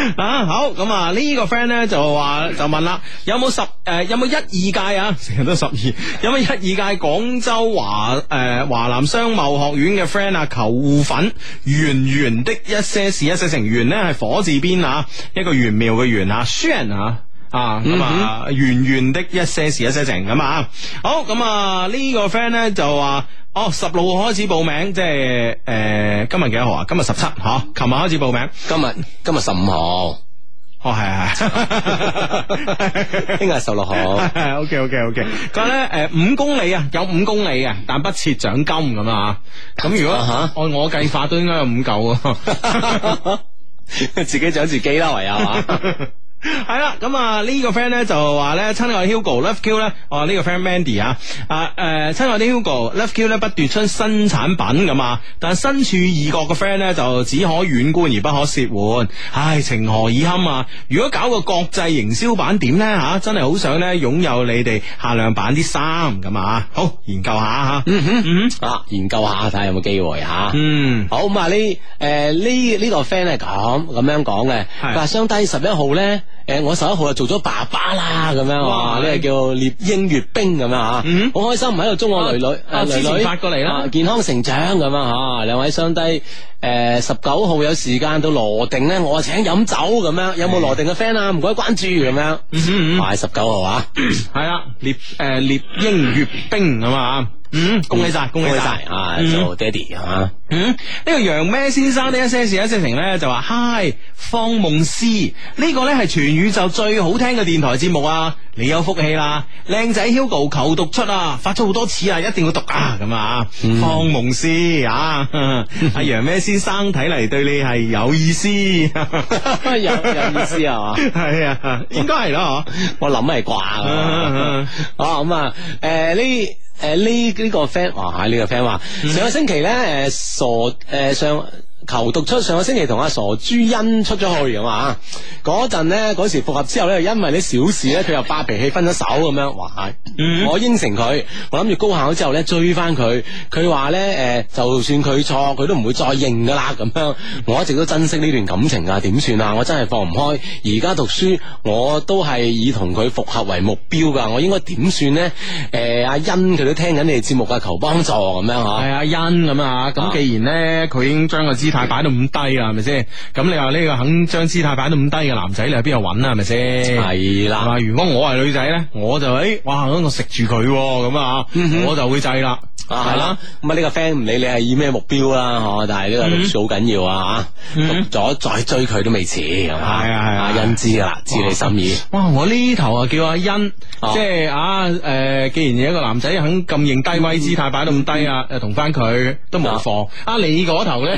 好咁、呃、啊！呢個 friend 咧就話就問啦，有冇十誒有冇一二屆啊？成日都十二， 有冇一二屆廣州華誒華南商貿學院嘅 friend 啊？求互粉圓圓的一些事一些情，圓呢係火字邊啊，一個玄妙嘅圓啊，shun 啊啊咁啊，圓、啊、圓、啊嗯、哼的一些事一些情咁啊！好咁啊！個呢個 friend 咧就話哦，十六號開始報名，即係誒、呃、今幾日幾多號啊？今日十七吓，琴、啊、日開始報名，今，今日今日十五號。哦，係啊，今日係十六號，OK OK OK。佢話咧， 誒、呃、五公里啊，有五公里啊，但不設獎金咁啊。咁 如果吓 按我計法都應該有五嚿， 自己獎自己啦，唯有啊。 係啦，咁啊呢個 friend 咧就話咧親愛 Hugo Love Q 咧，哦呢個 friend Mandy 啊，啊誒親愛的 Hugo Love Q 咧不斷出新產品咁啊，但身處異國嘅 friend 咧就只可遠觀而不可褻玩，唉情何以堪啊！如果搞個國際營銷版點咧吓，真係好想咧擁有你哋限量版啲衫咁啊，好研究下吓，嗯嗯嗯啊研究下睇下有冇機會吓，嗯好咁啊呢誒呢呢個 friend 係咁咁樣講嘅，嗱雙低十一號咧。誒，我十一號就做咗爸爸啦，咁樣哇，你係嘩叫獵鷹閱兵咁樣吓，好、嗯、開心，唔喺度祝我女女，啊，女、啊，呃、之前發過嚟啦，健康成長咁樣吓，兩位相低，誒、呃，十九號有時間到羅定咧，我請飲酒咁樣，有冇羅定嘅 friend 啊？唔該關注咁樣，嗯係十九號啊，係啊，獵誒獵鷹閱兵咁啊。嗯，恭喜晒，恭喜晒啊！做爹哋啊！嗯、so, uh,，呢個楊咩先生呢一些事、一些情咧就話，Hi，方夢思，呢個咧係全宇宙最好聽嘅電台節目啊！你有福氣啦，靚仔 Hugo 求讀出啊！發咗好多次啊，一定要讀啊！咁啊，方夢思啊，阿楊咩先生睇嚟對你係有意思，有意思係嘛？係啊，應該係咯我諗係啩啊！好，咁啊，誒呢。誒，呢呢、呃這個 friend 話、啊，吓、這、呢個 friend 話，mm hmm. 上個星期咧，誒、呃，傻，誒、呃、上。求讀出上個星期同阿傻朱茵出咗去，咁啊陣陣咧，嗰時，時復合之後咧，因為啲小事咧，佢又發脾氣分咗手咁樣。哇！嗯、我應承佢，我諗住高考之後咧追翻佢。佢話咧誒，就算佢錯佢都唔會再認噶啦。咁樣我一直都珍惜呢段感情啊，點算啊？我真係放唔開，而家讀書我都係以同佢復合為目標噶。我應該點算咧？誒、呃、阿茵佢都聽緊你哋節目啊，求幫助咁樣呵？係啊，茵咁啊，咁既然咧佢已經將個姿態。擺到咁低啊，係咪先？咁你話呢個肯將姿態擺到咁低嘅男仔，你喺邊度揾啊？係咪先？係啦。是是的如果我係女仔咧，我就誒、哎，哇，我食住佢咁啊，嗯嗯嗯、我就會制啦。係啦、嗯。咁、嗯、的啊呢、嗯這個 friend 唔理你係以咩目標啦，嗬、啊？但係呢個好緊、嗯、要啊，讀咗、嗯、再追佢都未遲，係啊，係啊阿欣知啊，知你心意。哇！我呢頭啊叫阿欣，啊、即係啊誒、呃，既然一個男仔肯咁認低威姿態擺到咁低啊，誒同翻佢都冇妨。啊，啊你嗰頭咧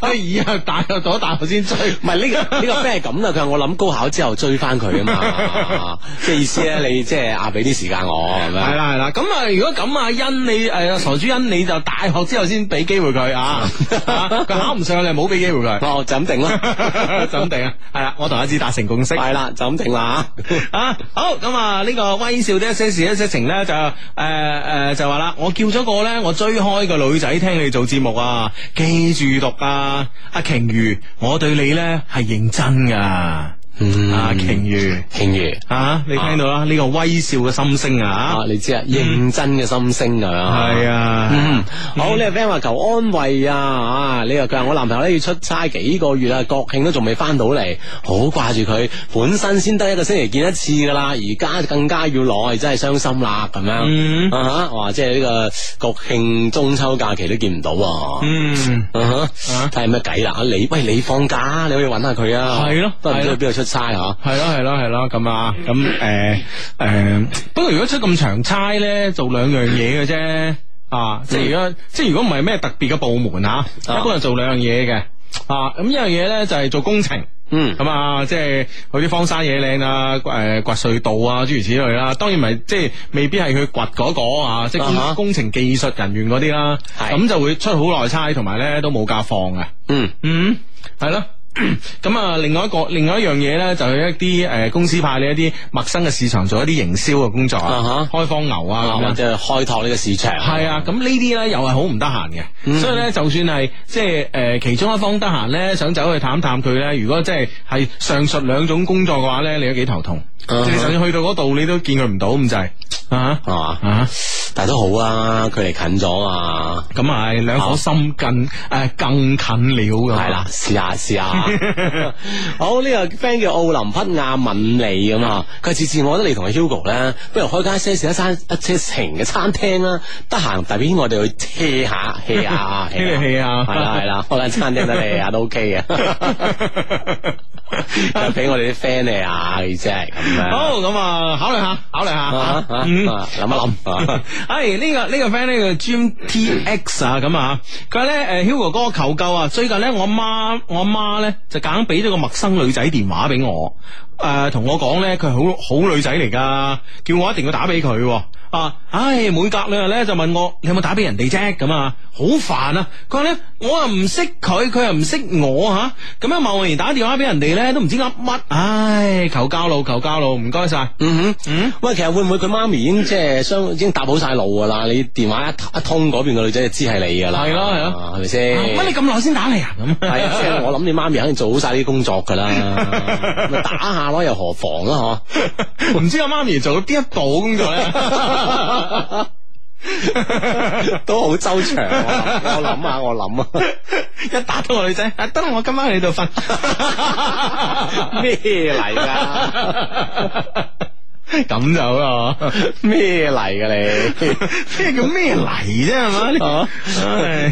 啊！以後大學讀咗大學先追，唔係呢個呢個 friend 係咁啊！佢話我諗高考之後追翻佢啊嘛，即係 意思咧，你即係阿俾啲時間我咁 好樣。係啦係啦，咁啊如果咁啊欣，你誒傻豬欣，你就大學之後先俾機會佢啊，佢 考唔上你冇俾機會佢。哦，就咁定啦， 就咁定啊，係啦，我同阿志達成共識。係啦， 就咁定啦 啊！好咁啊，呢個微笑的一些事一些情咧就誒誒、呃呃、就話啦，我叫咗個咧我追開個女仔聽你做節目啊，記住讀。啊阿瓊如，我對你咧係認真噶。嗯，鯨魚，鯨魚，啊，你聽到啦？呢個微笑嘅心聲啊，你知啊，認真嘅心聲啊，係啊，好，你阿 friend 話求安慰啊，啊，你話佢話我男朋友咧要出差幾個月啊，國慶都仲未翻到嚟，好掛住佢，本身先得一個星期見一次噶啦，而家更加要耐，真係傷心啦，咁樣，啊哈，哇，即係呢個國慶中秋假期都見唔到啊，嗯，睇下咩計啦，你，喂，你放假你可以揾下佢啊，係咯，都唔知去邊度出嘥啊，係咯係咯係咯，咁啊咁誒誒，不過、嗯嗯嗯，如果出咁長差咧，做兩樣嘢嘅啫啊！即係如果即係如果唔係咩特別嘅部門吓、啊啊啊，一般係做兩樣嘢嘅啊！咁呢樣嘢咧就係做工程，嗯，咁啊，即係去啲荒山野嶺啊，誒，掘隧道啊，諸如此類啦。當然唔係，即係未必係去掘嗰個啊，即係工程技術人員嗰啲啦，咁就會出好耐差，同埋咧都冇假放嘅。嗯嗯，係咯。嗯嗯嗯咁啊，另外一個，另外一樣嘢呢，就係、是、一啲誒、呃、公司派你一啲陌生嘅市場，做一啲營銷嘅工作啊，uh huh. 開荒牛啊，啊或者開拓呢個市場。係啊，咁呢啲呢，又係好唔得閒嘅，uh huh. 所以呢，就算係即係誒，其中一方得閒呢，想走去探探佢呢，如果即係係上述兩種工作嘅話呢，你都幾頭痛，甚至去到嗰度你都見佢唔到咁滯啊啊！但都好啊，佢哋近咗啊！咁啊，兩顆心近誒，更近了咁。係啦，試下試下。好，呢個 friend 叫奧林匹亞文利咁啊，佢次次我覺得你同佢 Hugo 咧，不如開間奢侈一餐一車程嘅餐廳啦，得閒特別我哋去 hea 下 hea 下 hea 下，係啦係啦，開間餐廳得你啊都 OK 啊，俾我哋啲 friend 嚟啊，你真係咁樣。好，咁啊，考慮下，考慮下，諗一諗。哎，Hi, 這個這個、呢個呢個 friend 呢個 Jim T X 啊，咁啊，佢話咧，誒，Hugo 哥求救啊，最近咧，我媽我媽咧就夾硬俾咗個陌生女仔電話俾我。誒、同、呃、我講咧，佢係好好女仔嚟噶，叫我一定要打俾佢啊！唉、哎，每隔兩日咧就問我，你有冇打俾人哋啫？咁啊，好煩啊！佢話咧，我又唔識佢，佢又唔識我吓，咁樣貿然打電話俾人哋咧，都唔知噏乜，唉、哎，求交路，求交路，唔該晒。嗯哼，嗯，喂，其實會唔會佢媽咪已經即係相已經搭好晒路噶啦？你電話一一通，嗰邊個女仔就知係你噶啦。係咯，係咯，係咪先？喂、啊，你咁耐先打嚟啊？咁係， 即係我諗你媽咪肯定做好晒啲工作噶啦， 打下。又何妨啦，嗬、啊？唔知阿媽咪做到邊一步咁做咧，都好周詳。我諗下，我諗 啊，一打通個女仔，啊得我今晚喺度瞓，咩嚟噶？ 咁就咯，咩嚟㗎你？咩叫咩嚟啫係嘛？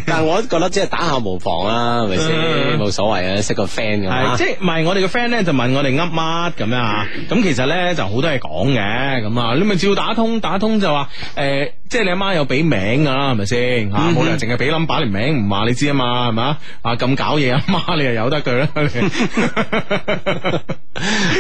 但係我都覺得即係打下無妨啊，係咪先， 冇所謂啊，識個 friend 嘅。係即係唔係我哋個 friend 咧就問我哋噏乜咁樣啊？咁其實咧就好多嘢講嘅，咁啊你咪照打通打通就話誒。欸即係你阿媽有俾名啦，係咪先吓？冇理由淨係俾 number 嚟名，唔話你知啊嘛，係咪？啊咁搞嘢阿媽，你又由得佢啦。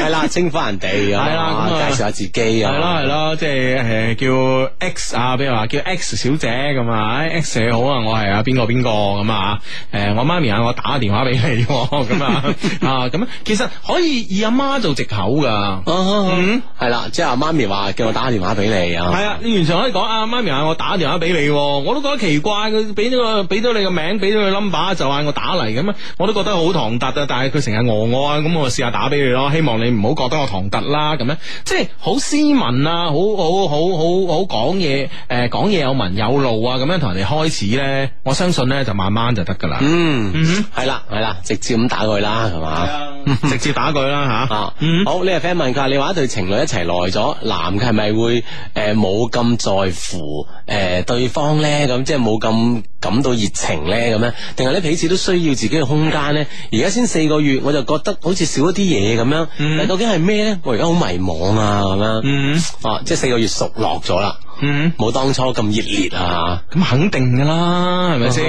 係啦，稱呼人哋啊，介紹下自己啊，係咯係咯，即係誒叫 X 啊，比如話叫 X 小姐咁啊，X 姐好啊，unit, 我係啊邊個邊個咁啊？誒，我媽咪啊，我打個電話俾你咁啊？啊咁，其實可以以阿媽做藉口噶，係啦，即係阿媽咪話叫我打個電話俾你啊，係啊，你完全可以講阿。媽咪嗌我打電話俾你，我都覺得奇怪。佢俾咗個，俾咗你個名，俾咗你 number，就嗌我打嚟咁啊！我都覺得好唐突啊。但係佢成日餓我啊，咁我試下打俾你咯。希望你唔好覺得我唐突啦。咁樣即係好斯文啊，好好好好好講嘢，誒、呃、講嘢有文有路啊。咁樣同人哋開始咧，我相信咧就慢慢就得㗎啦。嗯，係啦、嗯哼，係啦，直接咁打佢啦，係嘛？ 直接打佢啦，吓好、嗯哼。好，你個 friend 問佢，你話一對情侶一齊來咗，男嘅係咪會誒冇咁在乎？誒、呃，對方咧咁，即係冇咁感到熱情咧，咁咧，定係咧彼此都需要自己嘅空間咧？而家先四個月，我就覺得好似少一啲嘢咁樣，嗯、但究竟係咩咧？我而家好迷茫啊，咁樣，哦、嗯啊，即係四個月熟落咗啦，冇、嗯、當初咁熱烈啊，咁、嗯、肯定噶啦，係咪先？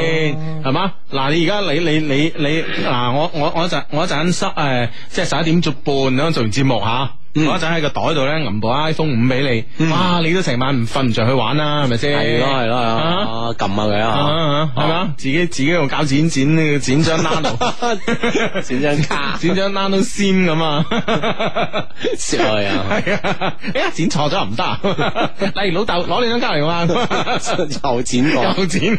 係嘛、uh？嗱、huh.，你而家你你你你，嗱，我我我,我,我,我一陣我一陣間誒，即係十一點半啦，做完節目吓。我仔喺個袋度咧，撳部 iPhone 五俾你，嗯、哇！你都成晚唔瞓唔着去玩啦，係咪先？係咯，係咯，撳、啊、下佢，係咪自己自己用膠剪剪，剪張 nano 剪張卡，剪張 nano 都先咁啊！蝕落又係啊！哎，剪錯咗唔得，例如老豆攞你張卡嚟玩，嘛， 又剪過，又剪。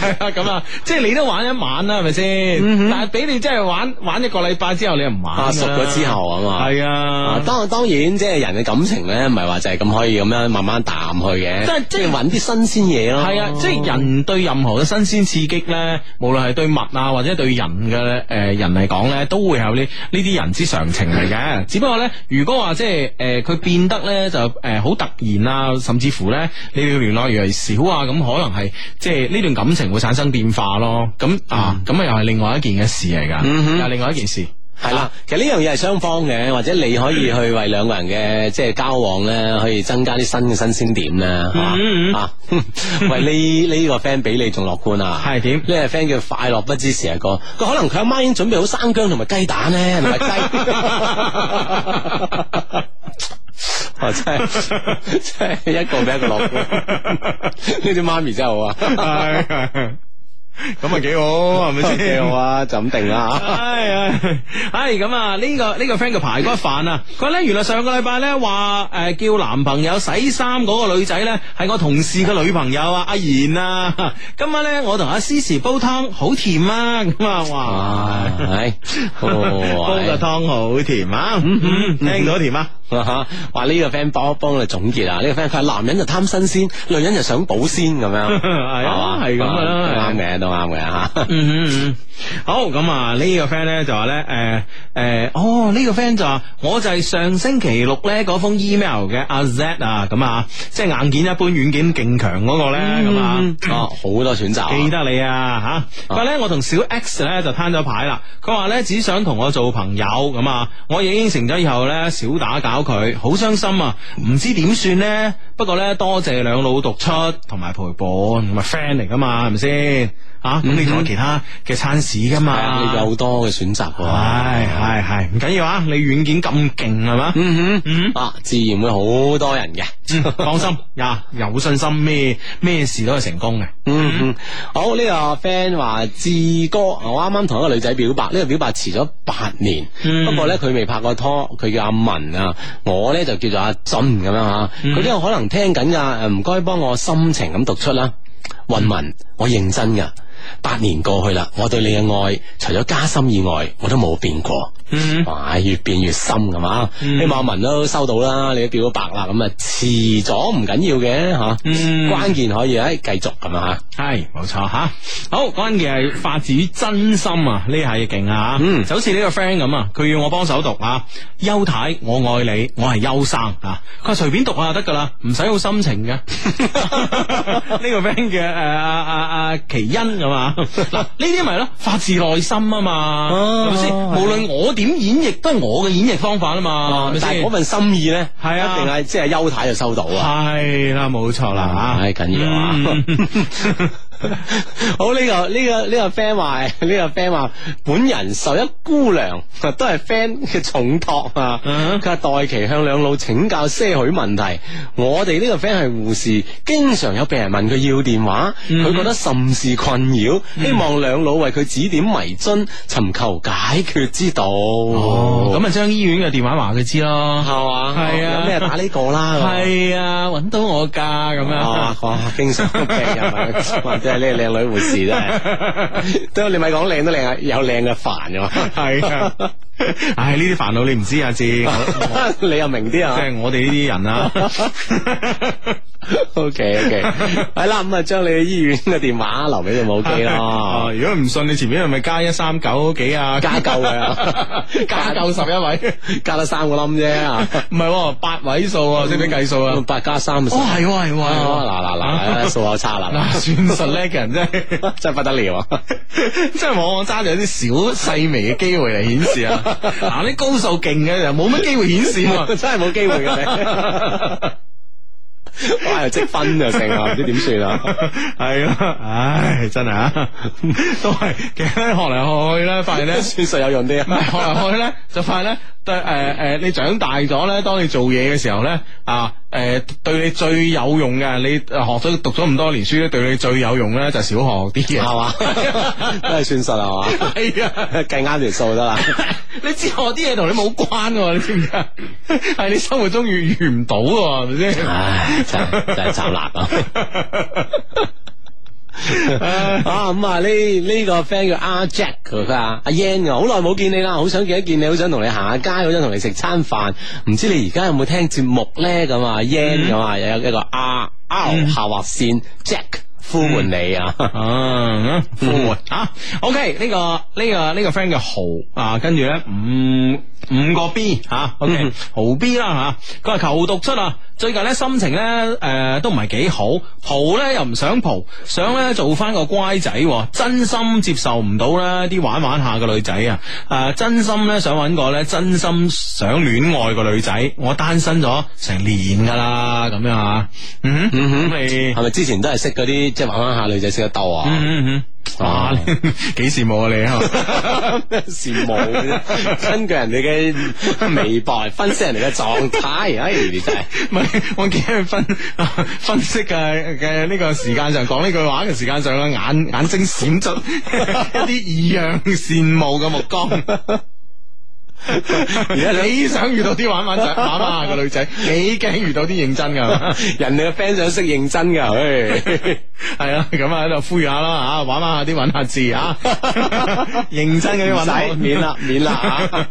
係啊，咁 啊， 嗯、 darum, 即係你都玩一晚啦，係咪先？嗯、哼但係俾你真係玩玩一個禮拜之後，你又唔玩，啊。熟咗之後啊嘛，係啊。當當然，即係人嘅感情咧，唔係話就係咁可以咁樣慢慢淡去嘅。即係即係揾啲新鮮嘢咯。係、嗯、啊，即係人對任何嘅新鮮刺激咧，無論係對物啊，或者對人嘅，誒人嚟講咧，都會有呢呢啲人之常情嚟嘅。 只不過咧，如果話即係誒，佢、呃、變得咧就誒好突然啊，甚至乎咧你哋聯絡越嚟越少啊，咁可能係即係呢。感情會產生變化咯，咁、嗯、啊，咁又係另外一件嘅事嚟噶，又係另外一件事，係啦、嗯哼。其實呢樣嘢係雙方嘅，或者你可以去為兩個人嘅即係交往咧，可以增加啲新嘅新鮮點咧，係嘛、嗯、哼的啊？喂，呢呢個 friend 比你仲樂觀啊？係點 的？呢個 friend 叫快樂不知時日過，佢可能佢阿媽已經準備好生薑同埋雞蛋咧，同埋雞。 真係真係一個比一個樂觀，呢啲媽咪真係好啊！咁啊，幾好係咪先？幾好啊，就咁定啦吓。係係咁啊！呢個呢個 friend 嘅排骨飯啊，佢咧原來上個禮拜咧話誒，叫男朋友洗衫嗰個女仔咧係我同事嘅女朋友啊，阿賢啊。今晚咧我同阿 Cici 煲湯、啊哎、 煲湯好甜啊，咁啊哇！係，煲個湯好甜啊，嗯嗯，聽到甜啊吓。話呢、嗯嗯嗯 呢個 friend 幫幫我總結啊，呢、呢個 friend 佢話男人就貪新鮮，女人就想保鮮咁樣，係 啊，係咁噶啦，啱 都啱嘅吓，嗯嗯嗯，好咁啊呢個 friend 咧就話咧，誒、哎、誒、哎，哦呢、這個 friend 就話我就係上星期六咧嗰封 email 嘅阿 Z 啊，咁啊，即係硬件一般，軟件勁強嗰、那個咧，咁、嗯、樣啊，哦好多選擇，記得你啊吓、啊，但係咧我同小 X 咧就攤咗牌啦，佢話咧只想同我做朋友，咁啊，我亦應承咗以後咧少打攪佢，好傷心啊，唔知點算咧，不過咧多謝兩老獨出同埋陪伴，同埋 friend 嚟噶嘛，係咪先？咁你講其他嘅餐市噶嘛？你有好多嘅選擇喎。係係係唔緊要啊！你軟件咁勁係咪？嗯哼嗯，啊自然會好多人嘅。放心啊，有信心咩咩事都係成功嘅。嗯哼，好，呢個 friend 話志哥，我啱啱同一個女仔表白，呢個表白遲咗八年，不過咧佢未拍過拖，佢叫阿文啊，我咧就叫做阿珍咁樣啊。佢呢個可能聽緊噶，誒，唔該幫我心情咁讀出啦。文文，我認真噶。八年過去啦，我對你嘅愛除咗加深以外，我都冇變過。嗯，哇，越變越深，係嘛？希望阿文都收到啦，你都表白啦，咁啊遲咗唔緊要嘅吓，嗯、關鍵可以誒繼續咁啊吓。係、哎，冇錯吓。好，關鍵係發自真心啊，呢下嘢勁啊嗯，就好似呢個 friend 咁啊，佢要我幫手讀啊，邱太，我愛你，我係邱生啊，佢話隨便讀下得噶啦，唔使好心情嘅。呢 個 friend 嘅誒阿阿阿奇恩。係 嘛？嗱、哦，呢啲咪咯，發自內心啊嘛，係咪先？無論我點演繹，都係我嘅演繹方法啊嘛，但係份心意咧，係啊，一定係即係邱太就收到啊，係啦，冇錯啦，係緊、啊、要啊！嗯、 好，呢、這個呢、這個呢、這個 friend 話，呢、這個 friend 話，本人受一姑娘都係 friend 嘅重託啊，佢話、啊、代其向兩老請教些許問題。我哋呢個 friend 係護士，經常有病人問佢要電話，佢覺得甚是困。希望兩老為佢指點迷津，尋求解決之道。咁啊，將醫院嘅電話話佢知咯，係嘛？係啊，有咩打呢個啦？係啊，揾到我噶咁樣。哇，經常都見，或者係呢靚女護士都係。都你咪講靚都靚，有靚嘅煩啊嘛？係啊，唉，呢啲煩惱你唔知，啊，知。你又明啲啊？即係我哋呢啲人啊。O K O K，係啦，咁啊、okay, okay.，將你嘅醫院嘅電話留俾你冇機啦。如果唔信，你前面係咪加一三九幾啊？加夠啊！加夠十一位，加得三個冧啫。唔係，八位數啊，識唔識計數啊？八加三十，數啊、30, 哦係喎係喎，嗱嗱嗱，數口差嗱，啊呃、呢算術叻嘅人真係真係不得了，啊！真係往往揸住啲小細微嘅機會嚟顯示啊。嗱，啲高數勁嘅人冇乜機會顯示，真係冇機會嘅。我係積分就成 啊，唔知點算啊，係咯，唉，真係啊，都係，其實咧，學嚟學去咧，發現咧， 算術有用啲啊，唔係學嚟學去咧， 就發現咧。誒誒、呃呃，你長大咗咧，當你做嘢嘅時候咧，啊誒、呃，對你最有用嘅，你學咗讀咗咁多年書咧，對你最有用咧，就小學啲嘢，係嘛、啊， 都係算術係嘛，係 啊，計啱條數得啦。 你知我啲嘢同你冇關嘅，你知唔知？係你生活中遇遇唔到嘅，係咪先？唉，真真係雜爛啊！ 啊咁、 嗯、 啊，呢呢個 friend 叫阿 Jack，佢佢話阿 Yan，好耐冇見你啦，好想見一見你，好想同你行下街，好想同你食餐飯，唔知你而家有冇聽節目咧咁啊？Yan 咁啊，又有一個阿 out 下劃線 Jack 呼喚你啊，呼喚啊，OK 呢個呢個呢個 friend 叫豪啊，跟住咧五個五個 B 啊、嗯、啊，OK 豪 B 啦吓，佢係求讀出啊。最近咧心情咧，誒都唔係幾好，蒲咧又唔想蒲，想咧做翻個乖仔，真心接受唔到咧啲玩玩下嘅女仔啊！誒，真心咧想搵個咧真心想戀愛嘅女仔，我單身咗成年噶啦，咁樣啊？嗯，嗯哼，是是玩玩玩嗯哼，係，係咪之前都係識嗰啲即係玩玩下女仔識得鬥啊？嗯哼。哇！幾羨慕啊你啊！羨慕， 根據人哋嘅微博分析人哋嘅狀態，哎，你真係，我我見佢分分析嘅嘅呢個時間上講呢句話嘅時間上嘅眼眼睛閃出一啲異樣羨慕嘅目光。你想遇到啲玩玩仔，啊啊 啊下啊、玩下個女、啊 用啊、 仔，你驚遇到啲認真噶？人哋個 friend 想識認真噶，唉，係啊，咁喺度呼籲下啦吓，玩玩下啲搵下字啊，認真嗰啲搵，唔使免啦，免啦吓，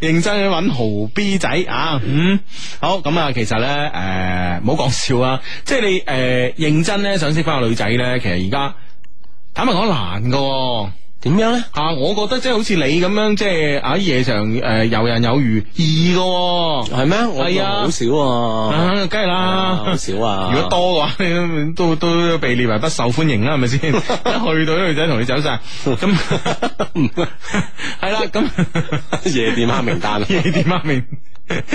認真去搵豪 B 仔啊，嗯，好，咁啊，其實咧，誒、呃，唔好講笑啊，即係你誒、呃、認真咧想識翻個女仔咧，其實而家坦白講難噶、啊。點樣咧吓、啊？我覺得即係好似你咁樣，即係啊夜場誒游刃有餘意嘅，係咩？係啊，好少啊，梗係、啊、啦，好、啊、少啊。如果多嘅話，你都都，都，都被列為不受歡迎啦，係咪先？ 一去到啲女仔同你走晒，咁係啦，咁 夜店黑名單， 夜店黑下名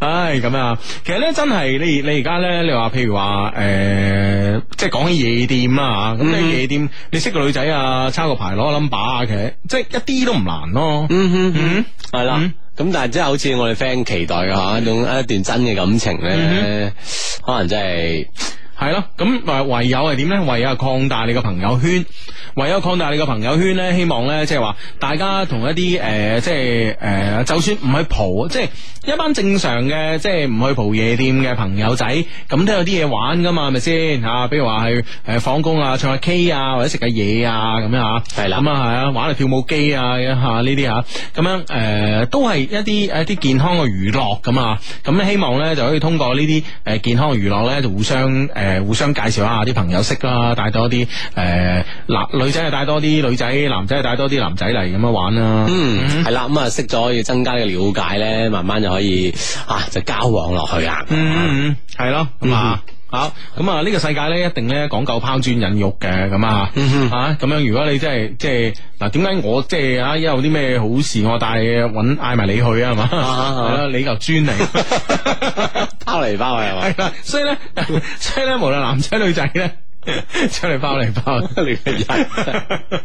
唉，咁啊，其實咧真係你你而家咧，你話譬如話誒、呃，即係講起夜店啊咁、嗯、你夜店，你識個女仔啊，抄個牌攞個 number 啊，其實即係一啲都唔難咯嗯。嗯哼，啦嗯，係啦，咁但係即係好似我哋 friend 期待嘅吓，一種、嗯哼啊、一段真嘅感情咧，嗯、哼可能真係。係咯，咁唯、啊、唯有係點咧？唯有係擴大你個朋友圈，唯有擴大你個朋友圈咧。希望咧，即係話大家同一啲誒、呃，即係誒、呃呃，就算唔去蒲，即、就、係、是、一班正常嘅，即係唔去蒲夜店嘅朋友仔，咁都有啲嘢玩噶嘛，係咪先吓？比如話係誒放工啊，呃、唱下 K 啊，或者食下嘢啊，咁樣吓。係啦，咁啊係啊，玩下跳舞機啊，一下呢啲吓，咁樣誒，都係一啲誒啲健康嘅娛樂咁啊。咁咧，希望咧就可以通過呢啲誒健康嘅娛樂咧，就互相誒。呃呃 uh, uh, 呃誒，互相介紹下啲朋友識啦，帶多啲誒男女仔又帶多啲女仔，男仔又帶多啲男仔嚟咁樣玩啦。嗯，係啦、嗯，咁啊識咗要增加嘅了解咧，慢慢就可以啊，就交往落去啊。嗯，係咯，咁啊。啊，咁啊，呢個世界咧一定咧講究拋磚引玉嘅，咁啊，啊，咁樣如果你真係即係嗱，點解我即係啊，有啲咩好事我帶你揾嗌埋你去啊嘛，你嚿磚嚟拋嚟拋啊，係嘛， 所以咧、啊，所以咧，無論男仔女仔咧，就嚟拋嚟拋，你嘅人，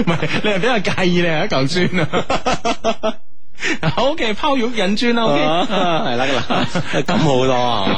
唔係你係比較介意你係一嚿磚啊。 好嘅，拋玉引磚啦，OK，係啦，咁好多，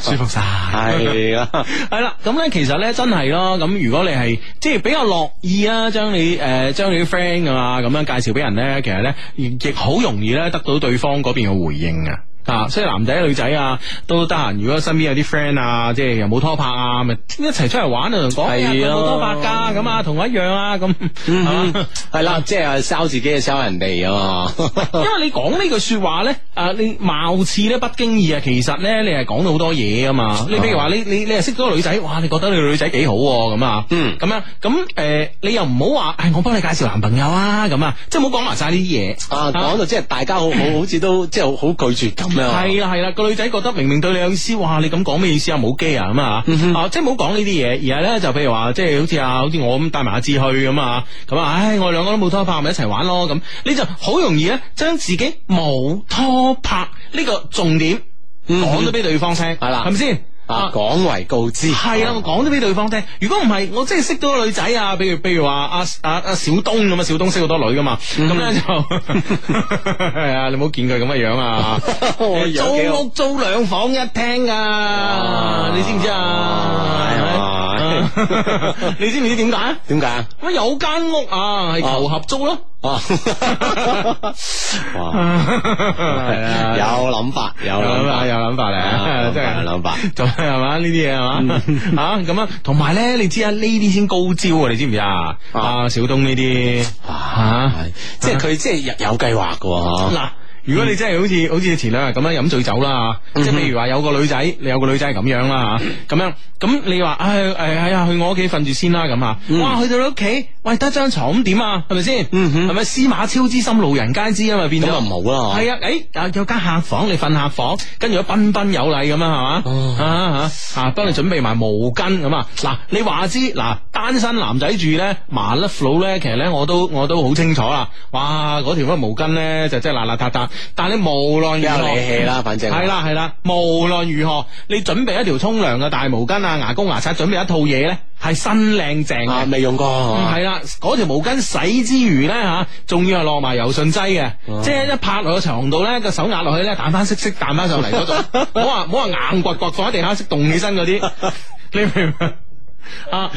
舒服晒，係啦，係啦，咁咧其實咧真係咯，咁如果你係即係比較樂意啊，將你誒將你啲 friend 啊咁樣介紹俾人咧，其實咧亦好容易咧得到對方嗰邊嘅回應嘅。啊，所以、so，男仔女仔啊都得閒。如果身邊有啲 friend 啊，即係又冇拖拍啊，咪一齊出嚟玩啊！係咯，冇拖拍噶咁啊，同我一樣啊，咁係嘛，係啦，即係 sell 自己又 sell 人哋啊。因為你講呢句說話咧，誒，你貌似咧不經意啊，其實咧你係講到好多嘢啊嘛。你譬如話你你你係識咗個女仔，哇，你覺得你個女仔幾好咁啊？嗯，咁樣咁誒，你又唔好話，我幫你介紹男朋友啊，咁啊，即係唔好講埋晒呢啲嘢啊。講到即係大家好好好似都即係好拒絕咁。 係啊係啦，嗰個女仔覺得明明對你有意思，哇，你咁講咩意思啊？冇機啊咁啊，嗯、哼啊即係冇講呢啲嘢，而係咧就譬如話即係好似啊好似我咁帶埋阿志去咁啊，咁啊唉我兩個都冇拖拍，咪一齊玩咯咁，你就好容易咧將自己冇拖拍呢個重點講咗俾對方聽，係啦、嗯哼，係咪先？啊！講為告知係啦、啊啊，我講咗俾對方聽。如果唔係，我真係識到個女仔啊！比如，比如話阿阿阿小東咁啊，小東識好多女噶嘛。咁咧、嗯、就係 啊！你冇見佢咁嘅樣啊？ 有租屋租兩房一廳啊！哇你知唔知啊？你知唔知點解？點解？乜有間屋啊？係求合租咯。哇，係啊，有諗法，有諗法，有諗法嚟真係有諗法，做咩係嘛？呢啲嘢係嘛？啊，咁啊，同埋咧，你知啊？呢啲先高招啊！你知唔知啊？啊小東呢啲啊，即係佢即係有有計劃噶。嗱。如果你真係好似、嗯、好似前兩日咁樣，飲醉酒啦，即係譬如話有個女仔，你有個女仔係咁樣啦吓，咁、嗯、樣咁你話，唉誒，哎呀，去我屋企瞓住先啦咁啊，嗯、哇，去到你屋企。喂，得張床咁點啊？係咪先？嗯哼，係咪司馬超之心路人皆知啊嘛？變咗咁啊唔好啦。係啊，誒，有間客房你瞓客房，跟住都彬彬有禮咁啊，係嘛？啊啊啊！幫你準備埋毛巾咁啊。嗱，你話之嗱單身男仔住咧，麻甩佬咧，其實咧我都我都好清楚啦。哇，嗰條毛巾咧就真係邋邋遢遢。但係你無論如何，要你氣啦，反正係啦係啦。無論如何，你準備一條沖涼嘅大毛巾啊，牙膏牙刷，準備一套嘢咧。係新靚淨嘅，未用過。係、啊、啦，嗰條、嗯、毛巾洗之餘咧吓，仲、啊、要係落埋油順劑嘅，啊、即係一拍落個床度咧，個手壓落去咧，彈翻色色彈翻上嚟嗰種。唔好話唔好話硬掘掘坐喺地下識動起身嗰啲，你明唔明啊？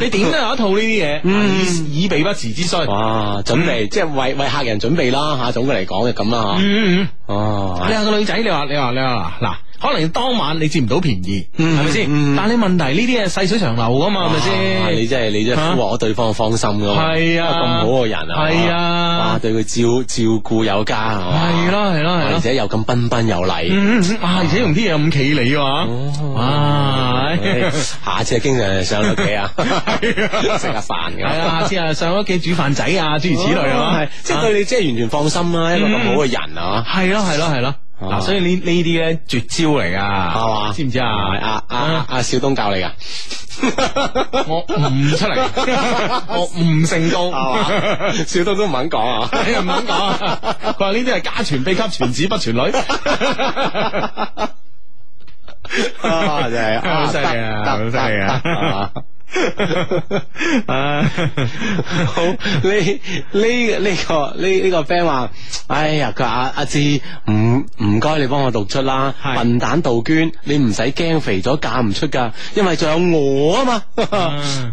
你點都有一套呢啲嘢，以以備不時之需。哇！準備、嗯、即係為為客人準備啦吓，總嘅嚟講就咁啦吓。哦、嗯嗯，你話個女仔，你話你話你話嗱。可能當晚你佔唔到便宜，係咪先？但係你問題呢啲係細水長流噶嘛，係咪先？你真係你真係俘獲咗對方芳心噶嘛？係啊，咁好嘅人啊，係啊，哇，對佢照照顧有加，係啦係啦係，而且又咁彬彬有禮，啊，而且用啲嘢咁企理啊，啊，下次經常上屋企啊，食下飯噶，下次啊上屋企煮飯仔啊，諸如此類啊，係，即係對你即係完全放心啦，一個咁好嘅人啊，係咯係咯係咯。嗱、啊，所以呢呢啲咧絕招嚟噶，係嘛，知唔知啊？阿阿阿小東教你噶、啊， 我唔出嚟，啊、我唔成功。小東都唔肯講啊， 啊，你又唔肯講啊。佢話呢啲係家傳秘笈，傳子不傳女。真係好犀利啊！好犀利啊！唉， 好呢呢呢個呢呢、這個 friend 話、這個，哎呀，佢話阿阿志唔唔該你幫我讀出啦，是笨蛋杜鵑，你唔使驚肥咗嫁唔出噶，因為仲有我啊嘛，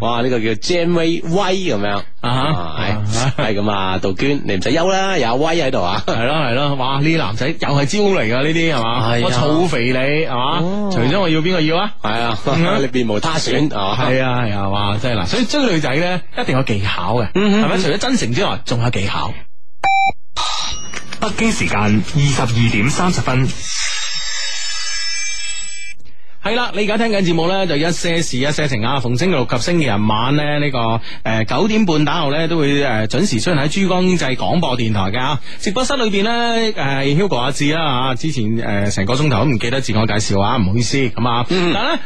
哇呢、這個叫 JMV 咁樣。啊，係係咁啊，杜娟，你唔使憂啦，有威喺度啊，係咯係咯，哇，呢男仔又係招嚟噶呢啲係嘛，我儲肥你係嘛，除咗我要邊個要啊，係啊，你別無他選啊，係啊係啊，哇真係嗱，所以追女仔咧一定有技巧嘅，係咪？除咗真誠之外，仲有技巧。北京時間二十二點三十分。係啦，你而家聽緊節目咧，就一些事一些情啊。逢星期六及星期日晚咧，呢個誒九點半打後咧，都會誒準時出現喺珠江經濟廣播電台嘅啊。直播室裏邊咧，誒 Hugo 阿志啦啊，之前誒成個鐘頭都唔記得自我介紹啊，唔好意思。咁啊，嗯、但係咧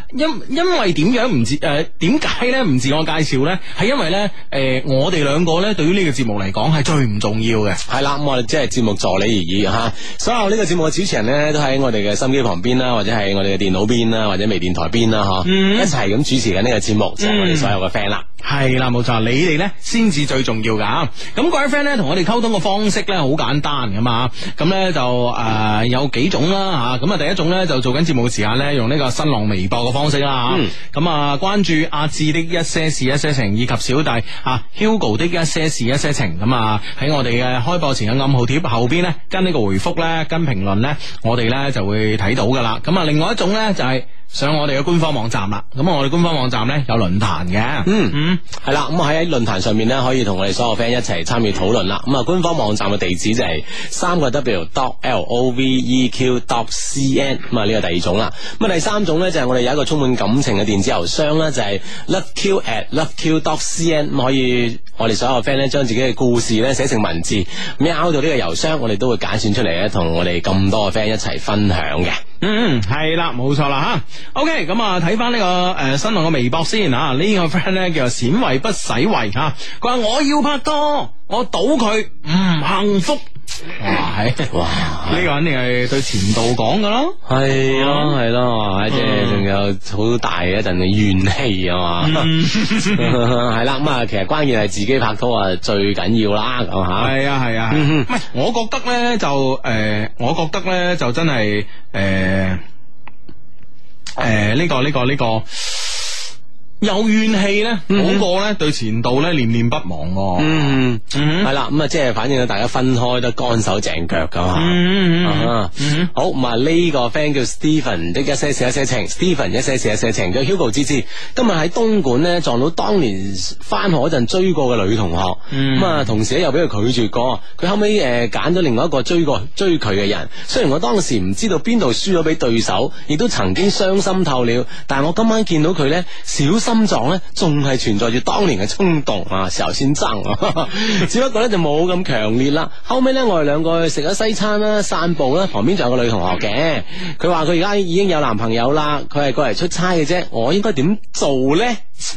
因因為點樣唔自誒點解咧唔自我介紹咧？係因為咧誒我哋兩個咧，對於呢個節目嚟講係最唔重要嘅。係啦，咁我哋即係節目助理而已吓。所有呢個節目嘅主持人咧，都喺我哋嘅收音機旁邊啦，或者係我哋嘅電腦邊啦。或者微電台邊啦，嗬、嗯，一齊咁主持緊呢個節目，就係我哋所有嘅 friend 啦，係啦、嗯，冇錯，你哋咧先至最重要噶。咁各位 friend 咧，同我哋溝通嘅方式咧，好簡單噶嘛。咁咧就誒、呃、有幾種啦吓。咁啊，第一種咧就做緊節目嘅時間咧，用呢個新浪微博嘅方式啦吓。咁、嗯、啊，關注阿志的一些事一些事情一些事一些情以及小弟啊 Hugo 的一些事一些情。咁啊喺我哋嘅開播前嘅暗號貼後邊咧，跟呢個回覆咧，跟評論咧，我哋咧就會睇到噶啦。咁啊，另外一種咧就係、是。上我哋嘅官方網站啦，咁我哋官方網站咧有論壇嘅，嗯嗯，係啦，咁喺論壇上面咧可以同我哋所有 friend 一齊參與討論啦。咁啊，官方網站嘅地址就係三個 w dot l o v e q dot c n，咁啊呢個第二種啦，咁、嗯、啊第三種咧就係、是、我哋有一個充滿感情嘅電子郵箱啦，就係、是、love q at love q dot c n，咁可以我哋所有 friend 咧將自己嘅故事咧寫成文字，咁一 Out 到呢個郵箱，我哋都會揀選出嚟咧同我哋咁多個 friend 一齊分享嘅。嗯嗯，係啦，冇錯啦吓。OK，咁啊睇翻呢個誒、呃、新浪嘅微博先吓，啊這個、呢個 friend 咧叫做閃為不洗為吓，佢話、啊、我要拍拖。我賭佢唔幸福。哇！呢個肯定係對前度講噶啦。係咯，係咯，即係仲有好大一陣怨氣啊嘛。係啦，咁啊，其實關鍵係自己拍拖啊，最緊要啦，咁吓。係啊，係啊。唔係，我覺得咧就誒，我覺得咧就真係誒誒，呢個呢個呢個。有怨氣咧，好過咧對前度咧念念不忘，啊嗯。嗯，係啦，咁啊，即係反正大家分開得乾手淨腳咁吓。嗯、啊、哈 嗯好，咁啊呢個 friend 叫 Steven，一些事一些情，Steven 一些事一些情，叫 Hugo 之之。今日喺東莞咧撞到當年翻學嗰陣追過嘅女同學，咁啊、嗯嗯、同時又俾佢拒絕過。佢後尾誒揀咗另外一個追過追佢嘅人。雖然我當時唔知道邊度輸咗俾對手，亦都曾經傷心透了，但係我今晚見到佢咧，小心心臟咧，仲係存在住當年嘅衝動啊，時候先爭，啊，只不過咧就冇咁強烈啦。後尾咧，我哋兩個去食咗西餐啦，散步啦，旁邊仲有個女同學嘅，佢話佢而家已經有男朋友啦，佢係過嚟出差嘅啫。我應該點做呢？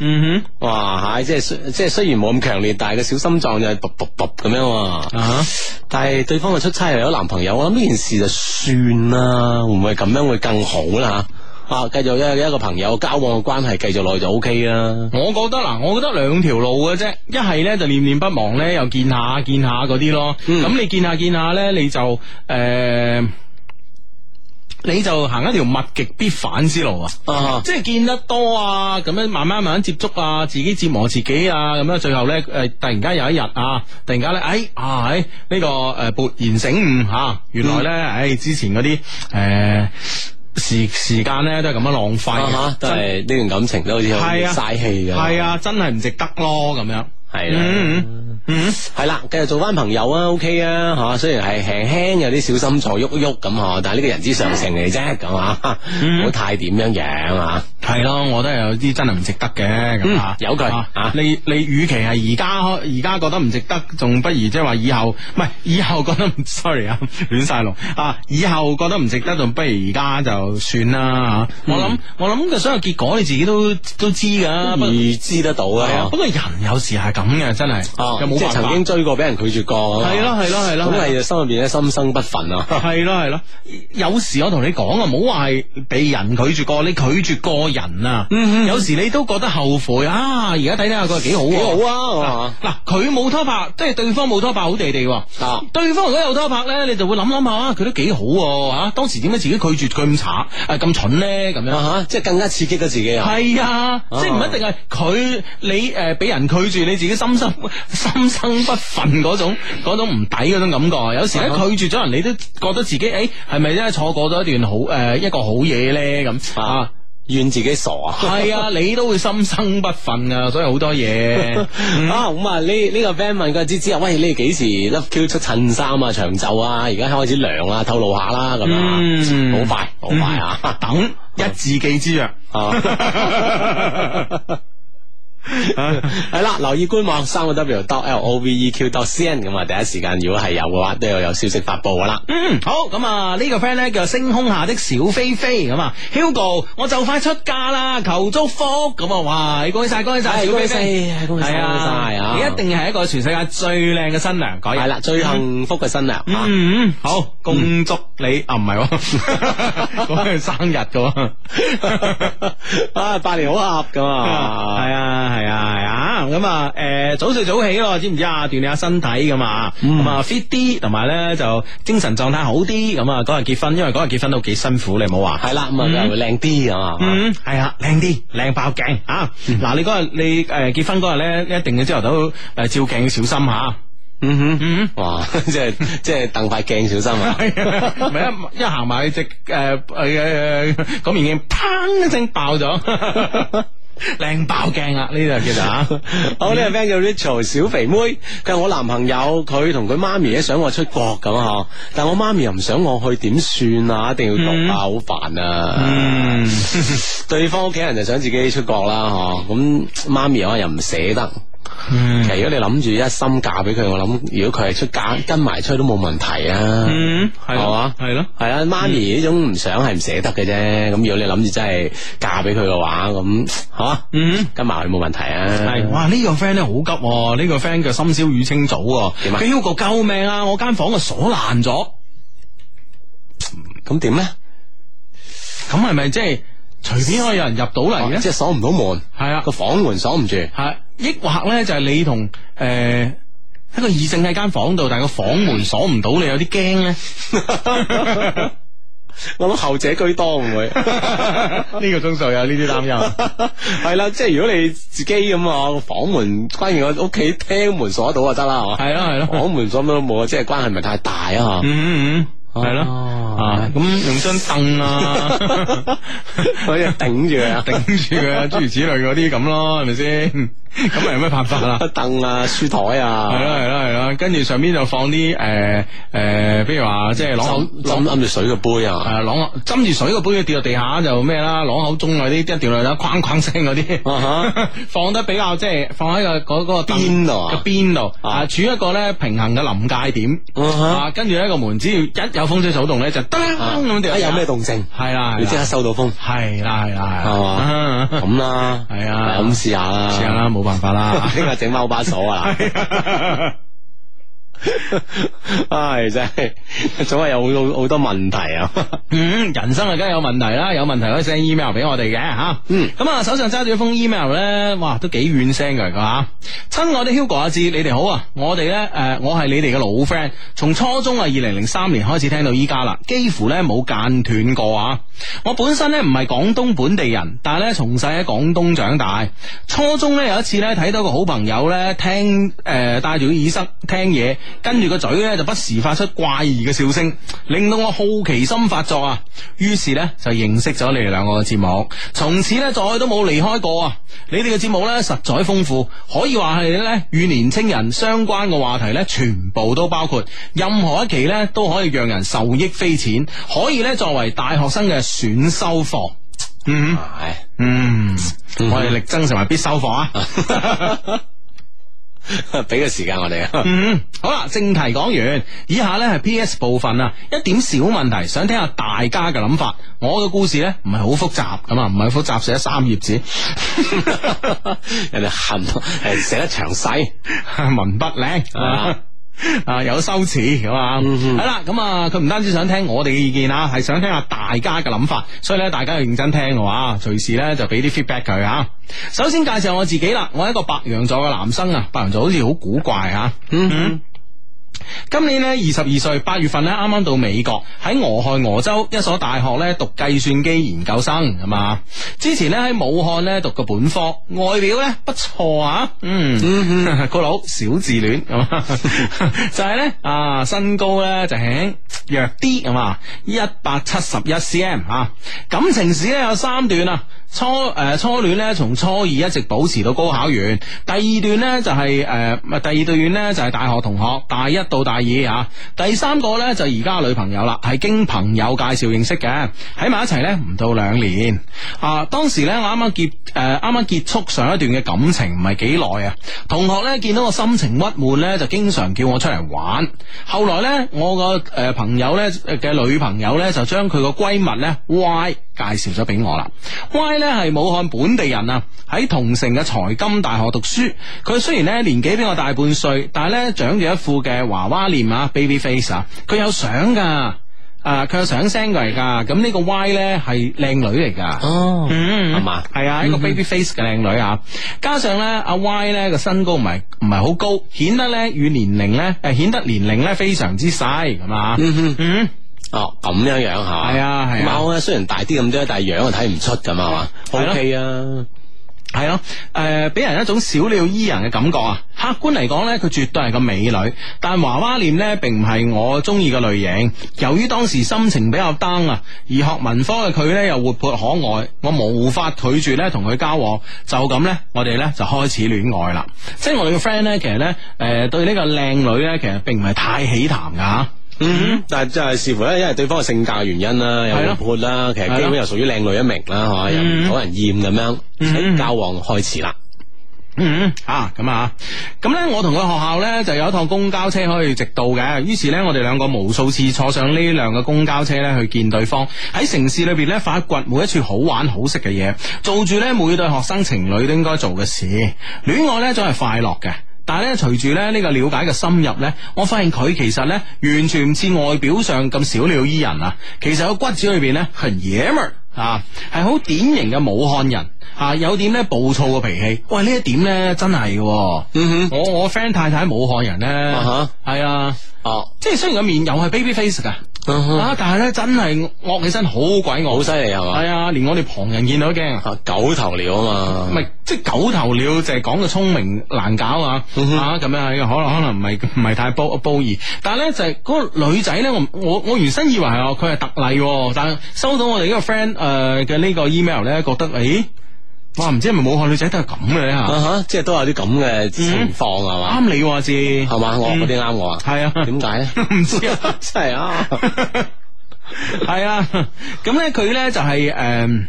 嗯哼，哇，即係即係雖然冇咁強烈，但係個小心臟就卜卜卜咁樣。啊哈，但係對方嘅出差又有男朋友，我諗呢件事就算啦，會唔會咁樣會更好啦？啊！繼續一一個朋友交往嘅關係繼續耐就 O K 啦。我覺得嗱，我覺得兩條路嘅啫，一係咧就念念不忘咧，又見下見下嗰啲咯。咁、嗯、你見下見下咧，你就誒、呃，你就行一條物極必反之路啊！啊即係見得多啊，咁樣慢慢慢慢接觸啊，自己折磨自己啊，咁樣最後咧誒、呃，突然間有一日啊，突然間咧，哎、這個呃、啊，哎，呢個誒勃然醒悟吓，原來咧，哎，之前嗰啲誒。呃嗯嗯時時間咧都係咁樣浪費，都係呢段感情都好似係嘥氣嘅，係啊，啊，啊，真係唔值得咯咁樣。係啦、嗯，嗯嗯，係啦，繼續做翻朋友啊，OK 啊，吓、啊，雖然係輕輕有啲小心錯喐喐咁吓，但係呢個人之常情嚟啫，咁啊，唔好太點樣樣啊。係咯，我都係有啲真係唔值得嘅咁吓，有句啊，你你，與其係而家而家覺得唔值得，仲不如即係話以後，唔係以後覺得，sorry 啊，亂晒龍啊，以後覺得唔值得，仲不如而家就算啦。我諗我諗嘅所有結果，你自己都都知噶，預知得到嘅。不過人有時係咁嘅，真係，又冇即係曾經追過，俾人拒絕過，係咯係咯係咯，咁係心裏邊嘅心生不忿啊。係咯係咯，有時我同你講啊，唔好話係俾人拒絕過，你拒絕過。人啊，嗯、哼有時你都覺得後悔啊！而家睇睇下佢幾好，幾好啊！嗱、啊，佢冇、啊、拖拍，即係對方冇拖拍，好地地。對方如果有拖拍咧，你就會諗諗下，佢都幾好啊！當時點解自己拒絕佢咁慘啊？咁蠢咧？咁樣吓、啊，即係更加刺激咗自己啊！係啊，啊即係唔一定係佢你誒，俾、呃、人拒絕，你自己心生心生不忿嗰種，嗰種唔抵嗰種感覺。有時咧拒絕咗人，你都覺得自己誒，係咪真係錯過咗一段好誒、呃、一個好嘢咧？咁啊。怨自己傻啊！係 啊，你都會心生不忿啊，所以好多嘢、 嗯、啊。咁啊，呢、那、呢個 friend 問嘅芝芝啊，喂，你幾時 love q 出襯衫啊、長袖啊？而家開始涼啊，透露下啦，咁、嗯、啊，好快，好快啊！嗯、啊等一字記之藥 啊。 係啦，留意官網三個 w dot l o v e q dot c n 咁啊，第一時間如果係有嘅話，都有有消息發布噶啦。嗯，好，咁啊呢個 friend 咧叫星空下的小飛飛咁啊，Hugo，我就快出嫁啦，求祝福咁啊！哇，恭喜晒，恭喜晒，小飛飛，係啊，你一定係一個全世界最靚嘅新娘，改係啦，最幸福嘅新娘。嗯嗯，好，恭祝你啊，唔係，講生日嘅，啊，百年好合㗎嘛，係啊。係啊係啊，咁啊，誒，早睡早起咯，知唔知啊？鍛煉下身體，咁啊咁啊 fit 啲，同埋咧就精神狀態好啲，咁啊嗰日結婚，因為嗰日結婚都幾辛苦，你唔好話，係啦，咁啊靚啲，咁啊係、嗯、啊靚啲靚爆鏡啊。嗱，你嗰日你誒結婚嗰日咧一定要朝頭早誒照鏡，小心吓、啊、嗯哼，嗯哼，哇，即係 即係瞪塊鏡小心啊，唔係 一一行埋去只誒誒嗰面鏡砰一聲爆咗。 靚爆鏡啊！呢度叫做啊， 好呢個 friend 叫 Rachel 小肥妹，佢係我男朋友，佢同佢媽咪咧想我出國咁嗬，但我媽咪又唔想我去，點算啊？一定要讀，嗯，煩啊，好煩啊！嗯， 對方屋企人就想自己出國啦嗬，咁媽咪又又唔捨得。其實如果你諗住一心嫁俾佢，我諗如果佢係出嫁跟埋出去都冇問題啊，係嘛，係咯，係啊，媽咪呢種唔想係唔捨得嘅啫。咁如果你諗住真係嫁俾佢嘅話，咁吓，嗯，跟埋去冇問題啊。係哇，呢個 friend 咧好急，呢個 friend 叫深宵雨清早，叫個救命啊！我間房啊鎖爛咗，咁點咧？咁係咪即係隨便可以有人入到嚟嘅？即係鎖唔到門，係啊，個房門鎖唔住，係。抑或咧就係你同誒、呃、一個異性喺間房度，但個房門鎖唔到，你有啲驚咧？我諗 後者居多唔會，會？呢 個鐘數有呢啲擔憂係啦，即係如果你自己咁啊，房門關住我屋企廳門鎖到就得啦。係咯係咯，房門鎖乜都冇啊，即係關係唔係太大啊吓、 嗯。嗯嗯嗯，係咯 了啊，咁用張凳啊， 可以頂住佢啊，頂 住佢啊，諸如此類嗰啲咁咯，係咪先？咁啊，有咩辦法啦？凳啊，書台啊，係啦，係啦，係啦，跟住上面就放啲誒誒，比如話即係攞攞斟住水嘅杯啊，係啊，攞攞斟住水嘅杯，一跌落地下就咩啦，攞口中嗰啲一掉落嚟啦，哐哐聲嗰啲，放得比較即係放喺個嗰嗰個邊度個邊度啊，處一個咧平衡嘅臨界點，跟住呢個門，只要一有風吹草動咧，就噔咁跌，有咩動靜？係啦，你即刻收到風，係啦，係啦，係嘛，咁啦，係啊，咁試下啦，試下啦，冇。冇辦法啦，聽日整翻把鎖啊！唉、 哎，真係，總係有好好好多問題啊！ 嗯，人生啊，梗係有問題啦，有問題可以 send email 俾我哋嘅吓。啊、嗯，咁啊，手上揸住一封 email 呢，哇，都幾遠聲噶吓。親、啊、愛的 Hugo 阿志，你哋好啊！我哋呢，誒、呃，我係你哋嘅老 friend，從初中啊，二零零三年開始聽到依家啦，幾乎呢冇間斷過啊！我本身呢，唔係廣東本地人，但係呢，從細喺廣東長大。初中呢，有一次呢，睇到個好朋友呢，聽，誒、呃，戴住耳塞聽嘢。跟住個嘴咧，就不時發出怪異嘅笑聲，令到我好奇心發作啊！於是呢，就認識咗你哋兩個嘅節目，從此呢，再都冇離開過啊！你哋嘅節目呢，實在豐富，可以話係呢，與年青人相關嘅話題呢，全部都包括，任何一期呢，都可以讓人受益匪淺，可以呢，作為大學生嘅選修課。嗯，嗯，我哋力爭成為必修課啊！俾個時間我哋，嗯，好啦，正題講完，以下咧係 P.S. 部分啊，一點小問題，想聽下大家嘅諗法。我嘅故事咧唔係好複雜咁啊，唔係複雜，寫咗三頁紙， 人哋恨，誒，寫得詳細，文筆靚啊。 啊， 有羞恥咁啊，係啦，咁啊，佢唔單止想聽我哋嘅意見啊，係想聽下大家嘅諗法，所以咧，大家要認真聽嘅話，隨時咧就俾啲 feedback 佢啊。首先介紹我自己啦，我係一個白羊座嘅男生啊，白羊座好似好古怪啊。 嗯哼。今年咧二十二歲，八月份咧啱啱到美國喺俄亥俄州一所大學咧讀計算機研究生，係嘛？之前咧喺武漢咧讀個本科，外表咧不錯啊，嗯，個 佬小自戀，係嘛？就係咧啊，身高咧就輕弱啲，係嘛？一百七十一 cm 啊，感情史咧有三段啊。初誒、呃、初戀咧，從初二一直保持到高考完。第二段呢，就係誒、呃，第二段咧就係大學同學，大一到大二啊。第三個呢，就而家女朋友啦，係經朋友介紹認識嘅，喺埋一齊呢，唔到兩年。啊，當時咧我啱啱結誒啱啱結束上一段嘅感情唔係幾耐啊。同學呢，見到我心情鬱悶呢，就經常叫我出嚟玩。後來呢，我個誒、呃、朋友呢，嘅女朋友呢，就將佢個閨蜜呢。Y。介紹咗俾我啦，Y 咧係武漢本地人啊，喺同城嘅財金大學讀書。佢雖然咧年紀比我大半歲，但係咧長住一副嘅娃娃臉啊，baby face、呃、y，啊，佢有相噶，誒，佢有相 send 過嚟噶。咁呢個 Y 咧係靚女嚟噶，哦，係嘛？係啊，一個 baby face 嘅靚女啊，加上咧阿、嗯哼啊、Y 咧個身高唔係唔係好高，顯得咧與年齡咧誒顯得年齡咧非常之細，咁啊。嗯哼嗯哦，咁樣樣吓，係啊，係貓咧雖然大啲咁多，但係樣啊睇唔出咁係嘛，O K 啊，係咯、啊，誒、啊，俾、呃、人一種小鳥依人嘅感覺啊。客觀嚟講咧，佢絕對係個美女，但娃娃臉咧並唔係我中意嘅類型。由於當時心情比較 down 啊，而學文科嘅佢咧又活潑可愛，我無法拒絕咧同佢交往，就咁咧，我哋咧就開始戀愛啦。即係我哋嘅 friend 咧，其實咧，誒、呃，對個呢個靚女咧，其實並唔係太喜談噶嗯哼，但係就係視乎咧，因為對方嘅性格原因啦，又活潑啦，嗯、哼其實基本又屬於靚女一名啦，係、嗯、哼又唔討人厭咁樣，交往、嗯、哼開始啦。嗯，啊，咁啊，咁咧，我同佢學校咧就有一趟公交車可以直到嘅，於是咧我哋兩個無數次坐上呢輛嘅公交車咧去見對方，喺城市裏邊咧發掘每一處好玩好食嘅嘢，做住咧每對學生情侶都應該做嘅事，戀愛咧總係快樂嘅。但係咧，隨住咧呢個了解嘅深入咧，我發現佢其實咧完全唔似外表上咁小鳥依人啊！其實個骨子裏邊咧係野味啊，係好典型嘅武漢人啊，有點咧暴躁嘅脾氣。喂，呢一點咧真係嘅。嗯哼、mm hmm.，我我 friend 太太武漢人咧，係、uh huh. 啊。哦，即係、啊、雖然個面又係 baby face 噶，呵呵啊，但係咧真係惡起身好鬼惡，好犀利係嘛，係啊、哎，連我哋旁人見到都驚、啊。九頭鳥啊嘛，係即係九頭鳥就係講個聰明難搞呵呵啊，啊咁樣，呢可能可能唔係唔係太褒褒義，y, 但係咧就係、是、嗰個女仔咧，我我我原身以為係我佢係特例，但係收到我哋呢個 friend 誒嘅呢個 email 咧，覺得誒。欸哇！唔知係咪武漢女仔都係咁嘅咧吓，即係都有啲咁嘅情況係嘛？啱、嗯、吧你話知，係嘛？我嗰啲啱我啊，係啊？點解咧？唔知 啊，係 啊，係 啊，咁咧佢咧就係、是、誒。Uh,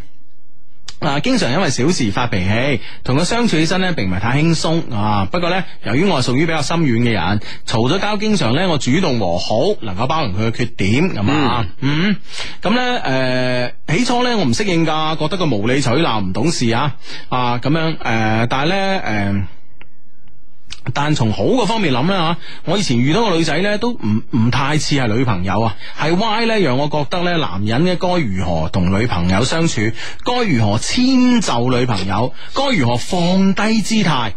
啊，經常因為小事發脾氣，同佢相處起身呢，並唔係太輕鬆啊。不過呢，由於我係屬於比較心軟嘅人，嘈咗交，經常呢，我主動和好，能夠包容佢嘅缺點，係嘛、嗯嗯？嗯，咁呢，誒、呃，起初呢，我唔適應噶，覺得佢無理取鬧，唔懂事啊，啊，咁樣，誒、呃，但係呢。誒、呃。但從好個方面諗咧，吓我以前遇到個女仔呢，都唔唔太似係女朋友啊，係歪呢，讓我覺得咧，男人呢，該如何同女朋友相處，該如何遷就女朋友，該如何放低姿態。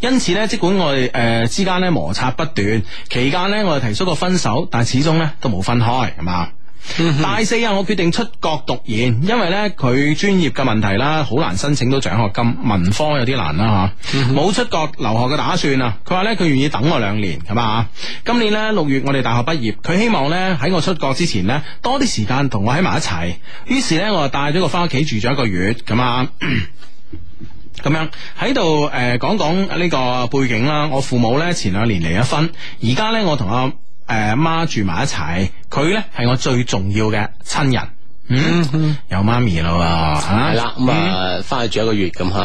因此呢，即管我哋誒之間咧摩擦不斷，期間呢，我哋提出過分手，但始終呢，都冇分開，係嘛。 大四啊，我決定出國讀研，因為咧佢專業嘅問題啦，好難申請到獎學金，文科有啲難啦吓，冇、啊、 出國留學嘅打算啊。佢話咧佢願意等我兩年，係、啊、嘛？今年咧六月我哋大學畢業，佢希望咧喺我出國之前咧多啲時間同我喺埋一齊。於是咧我就帶咗佢翻屋企住咗一個月，咁啊咁 樣喺度誒講講呢個背景啦。我父母咧前兩年離咗婚，而家咧我同阿。誒，媽、呃、住埋一齊，佢咧係我最重要嘅親人。嗯，嗯有媽咪啦，係啦、嗯，咁啊，翻、嗯、去住一個月咁吓。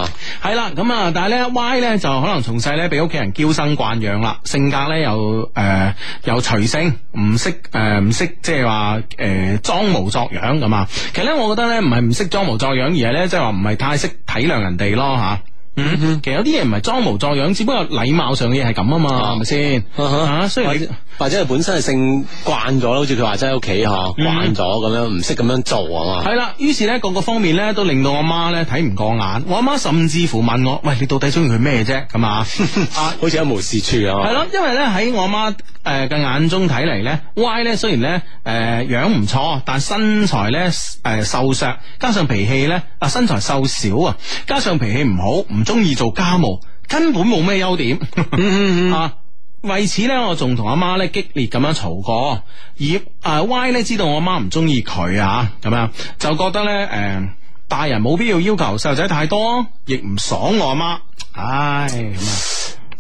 係、嗯、啦，咁啊，但係咧，Y 咧就可能從細咧俾屋企人嬌生慣養啦，性格咧又誒又隨性，唔識誒唔識即係話誒裝模作樣咁啊。其實咧，我覺得咧唔係唔識裝模作樣，而係咧即係話唔係太識體諒人哋咯吓。啊 其實有啲嘢唔係裝模作樣，只不過禮貌上嘅嘢係咁啊嘛，係咪先？吓，雖然或者係本身係性慣咗，好似佢話齋喺屋企嗬慣咗咁樣，唔識咁樣做啊嘛。係啦、嗯，於是咧各個方面咧都令到我媽咧睇唔過眼。我阿媽甚至乎問我，喂，你到底中意佢咩啫？咁啊， 好似一無是處啊。係咯、 啊，因為咧喺我阿媽誒嘅眼中睇嚟咧，Y 咧雖然咧誒樣唔錯，但身材咧誒瘦削，加上脾氣咧啊身材瘦小啊，加上脾氣唔好，唔。中意做家務，根本冇咩優點 啊！為此呢，我仲同阿媽呢激烈咁樣嘈過。而啊 Y 呢知道我阿媽唔中意佢啊，啊、咁樣就覺得呢誒、呃，大人冇必要要求細路仔太多，亦唔爽我阿媽，唉，咁啊。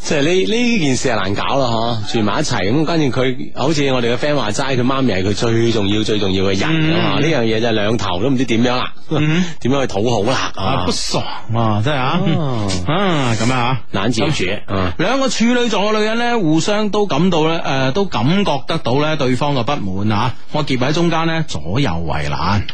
即係呢，呢件事係難搞咯，嗬住埋一齊咁，跟住佢好似我哋嘅 friend 話齋，佢媽咪係佢最重要最重要嘅人啊！呢樣嘢就係兩頭都唔知點樣啦，點樣去討好啦？啊不爽啊，真係啊啊咁啊吓難住，兩個處女座嘅女人咧，互相都感到咧誒，都感覺得到咧對方嘅不滿啊！我夾喺中間咧，左右為難。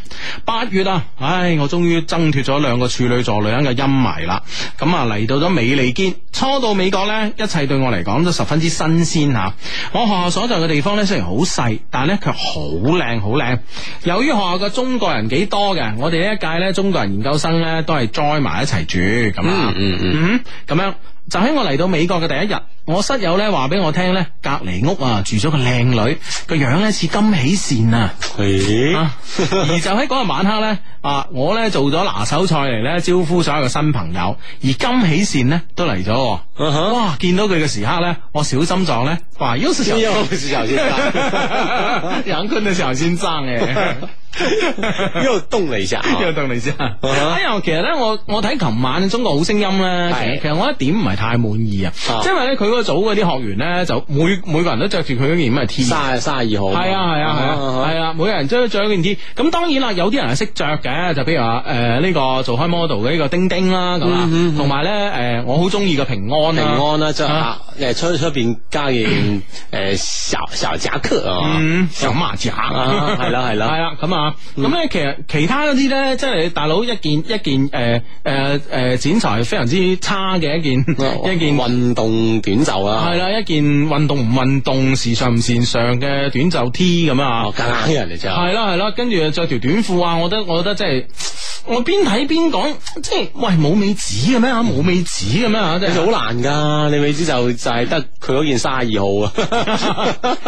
八月啊，唉，我終於掙脫咗兩個處女座女人嘅陰霾啦！咁啊嚟到咗美利堅，初到美國咧。一切對我嚟講都十分之新鮮吓，我學校所在嘅地方咧雖然好細，但係咧卻好靚好靚。由於學校嘅中國人幾多嘅，我哋呢一屆咧中國人研究生咧都係 join 埋一齊住咁樣。嗯，嗯嗯，咁、嗯、樣。就喺我嚟到美國嘅第一日，我室友咧話俾我聽咧，隔籬屋啊住咗個靚女，個樣咧似金喜善啊。是 而就喺嗰日晚黑咧，啊，我咧做咗拿手菜嚟咧招呼所有嘅新朋友，而金喜善咧都嚟咗。Uh huh? 哇！見到佢嘅時刻咧，我小心臟咧話：，又是先是，楊坤嘅時候先生嘅。 呢又凍嚟先，又凍嚟先。哎呀，其實咧，我我睇琴晚《中國好聲音》咧，其實我一點唔係太滿意啊。因為咧，佢個組嗰啲學員咧，就每每個人都着住佢件咁嘅 T。三十二號。係啊係啊係啊係啊，每個人着着件 T。咁當然啦，有啲人係識着嘅，就比如話誒呢個做開 model 嘅呢個丁丁啦，咁同埋咧誒，我好中意嘅平安平安啦，即係出出邊加件誒小小夾克啊，小馬甲啊，係啦係啦係啊咁啊。咁咧、嗯，其實其他嗰啲咧，即係大佬一件一件誒誒誒，剪裁非常之差嘅一件、嗯、 一件運動短袖啊，係啦，一件運動唔運動、時尚唔時尚嘅短袖 T 咁啊，夾硬 人嚟啫，係啦係啦，跟住着條短褲啊，我覺得我覺得即係。我邊睇邊講，即係喂冇尾子嘅咩啊？冇尾子嘅咩啊？真係好難噶，你咪知就就係得佢嗰件卅二號啊，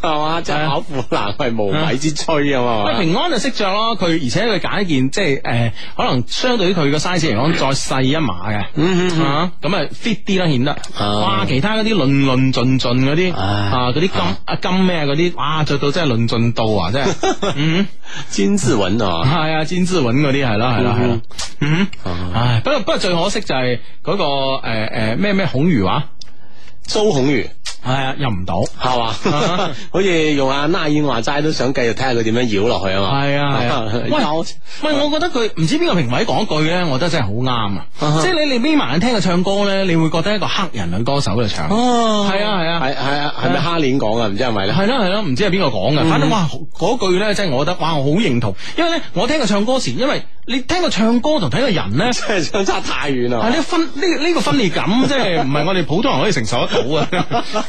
係嘛？即係巧婦難為無米之炊啊嘛！平安就識着咯，佢而且佢揀一件即係誒，可能相對於佢個 size 嚟講再細一碼嘅，咁啊 fit 啲啦，顯得哇！其他嗰啲論論盡盡嗰啲啊，嗰啲金啊金咩嗰啲，哇着到真係論盡到啊！真係，嗯，金之韻啊，係啊，金之韻嗰啲啊。係啦係啦係啦，嗯，唉、嗯啊，不過不過最可惜就係嗰、那個誒誒咩咩孔瑜話、啊，蘇孔瑜。係啊，入唔到，係嘛？好似用阿拉燕華齋都想繼續睇下佢點樣繞落去啊嘛。係啊。喂，我喂，我覺得佢唔知邊個評委講句咧，我覺得真係好啱啊！即係你你眯埋眼聽佢唱歌咧，你會覺得一個黑人女歌手喺度唱。哦，係啊，係啊，係係啊，係咪哈林講啊？唔知係咪咧？係咯係咯，唔知係邊個講噶？反正哇，嗰句咧真係我覺得哇，我好認同。因為咧，我聽佢唱歌時，因為你聽佢唱歌同睇個人咧，真係相差太遠啦。啊，呢分呢呢個分裂感，即係唔係我哋普通人可以承受得到啊！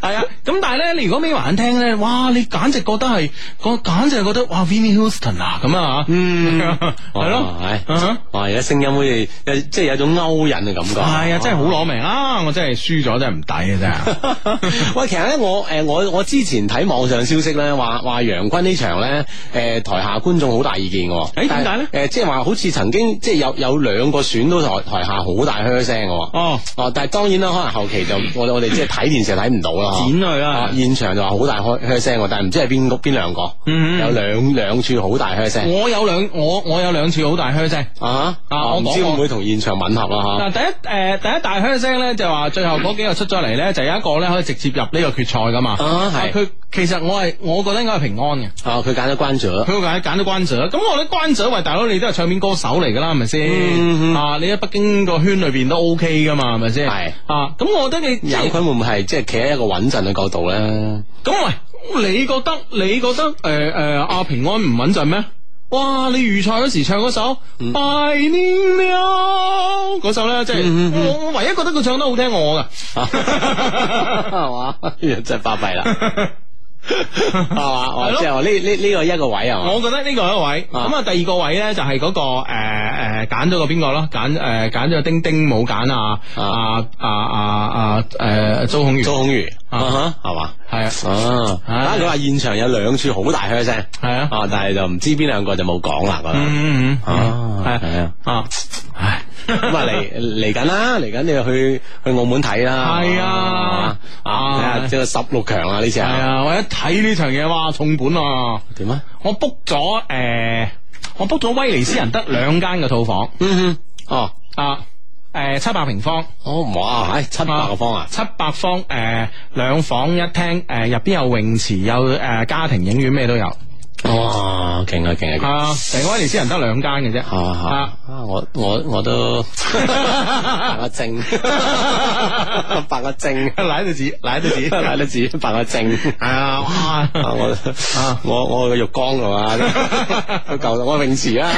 係啊，咁但係咧，你如果眯埋眼聽咧，哇，你簡直覺得係，我簡直覺得哇，Vinny Houston 啊，咁啊嗯，係咯，係，哇，而家聲音好似，誒，即係有種勾引嘅感覺，係啊，真係好攞命啊，我真係輸咗，真係唔抵嘅真啊，喂，其實咧，我誒，我我之前睇網上消息咧，話話楊坤呢場咧，誒，台下觀眾好大意見嘅，誒，點解咧？誒，即係話好似曾經，即係有有兩個選都台台下好大噓聲嘅，哦，哦，但係當然啦，可能後期就我我哋即係睇電視睇唔到。剪去啦！現場就話好大噓聲，但係唔知係邊邊兩個，嗯、哼有兩兩處好大噓聲。我有兩我我有兩處好大噓聲啊！我唔知會唔會同現場吻合啦吓。嗱、啊啊，第一誒、呃，第一大噓聲咧就話最後嗰幾個出咗嚟咧，就有一個咧可以直接入呢個決賽噶嘛。啊，係。啊其實我係我覺得應該係平安嘅，啊，佢揀咗關咗，佢揀揀咗關咗，咁我覺得關咗，喂大佬你都係唱片歌手嚟噶啦係咪先？是是，嗯嗯、啊，你喺北京個圈裏邊都 OK 噶嘛係咪先？係是啊，咁我覺得你有佢會唔會係即係企喺一個穩陣嘅角度咧？咁、嗯、喂，你覺得你覺得誒誒阿平安唔穩陣咩？哇，你預賽嗰時唱嗰首懷念你嗰首咧，即係我我唯一覺得佢唱得好聽我噶係嘛？真係巴閉啦！ 係嘛？即係話呢呢呢個一個位啊，嘛？我覺得呢個一個位咁啊，第二個位咧就係嗰個誒誒揀咗個邊個咯？揀誒揀咗丁丁冇揀啊啊啊啊啊誒、啊呃，周孔瑜，周孔瑜吓係嘛？係啊啊！佢話現場有兩處好大噓聲，係啊，哏 哏但係就唔知邊兩個就冇講啦。嗯嗯嗯哦，係係哭啊，唉。哏咁啊嚟嚟緊啦，嚟緊 你又去去澳門睇啦，係啊，睇下正十六強啊呢場，係啊，啊我一睇呢場嘢哇，重本啊。點啊樣、呃？我 book 咗誒，我 book 咗威尼斯人得兩間嘅套房，嗯哼，哦啊，誒、啊呃、七百平方，哦哇，唉、哎，七百個方啊，七百方誒、呃、兩房一廳，誒、呃呃、入邊有泳池，有誒家庭影院，咩都有。哇，勁啊勁啊勁啊！啊，成個威尼斯人得兩間嘅啫。吓吓，我我我都辦 個證，辦個證，瀨到紙瀨到紙瀨到紙，辦個證。係啊，哇！啊、我我我個浴缸噶嘛，都夠 我泳池啊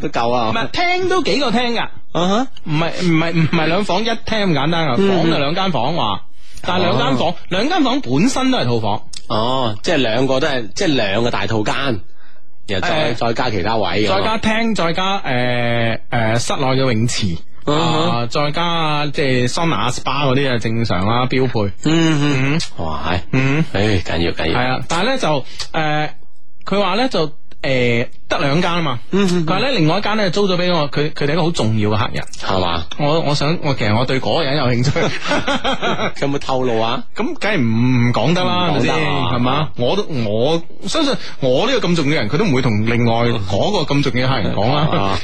都夠啊。唔係廳都幾個廳噶，唔係唔係唔係兩房一廳咁簡單、嗯、啊，房就兩間房話，但係兩間房兩間房本身都係套房。哦，即係兩個都係，即係兩個大套間，然後再、欸、再加其他位，再加廳，再加誒誒室內嘅泳池，啊、呃，再加即係桑拿、SPA 嗰啲啊，正常啦，標配。嗯嗯、uh huh. 嗯，哇、huh. 嘩，嗯，誒、huh. 唉，緊要緊要，係啊，但係咧就誒，佢話咧就誒。呃得兩間啊嘛，但係咧，另外一間咧租咗俾我，佢佢哋一個好重要嘅客人，係嘛？我我想，我其實我對嗰個人有興趣，有冇透露啊？咁梗係唔唔講得啦，係咪先？係嘛？我都我相信，我呢個咁重要嘅人，佢都唔會同另外嗰個咁重要嘅客人講啦，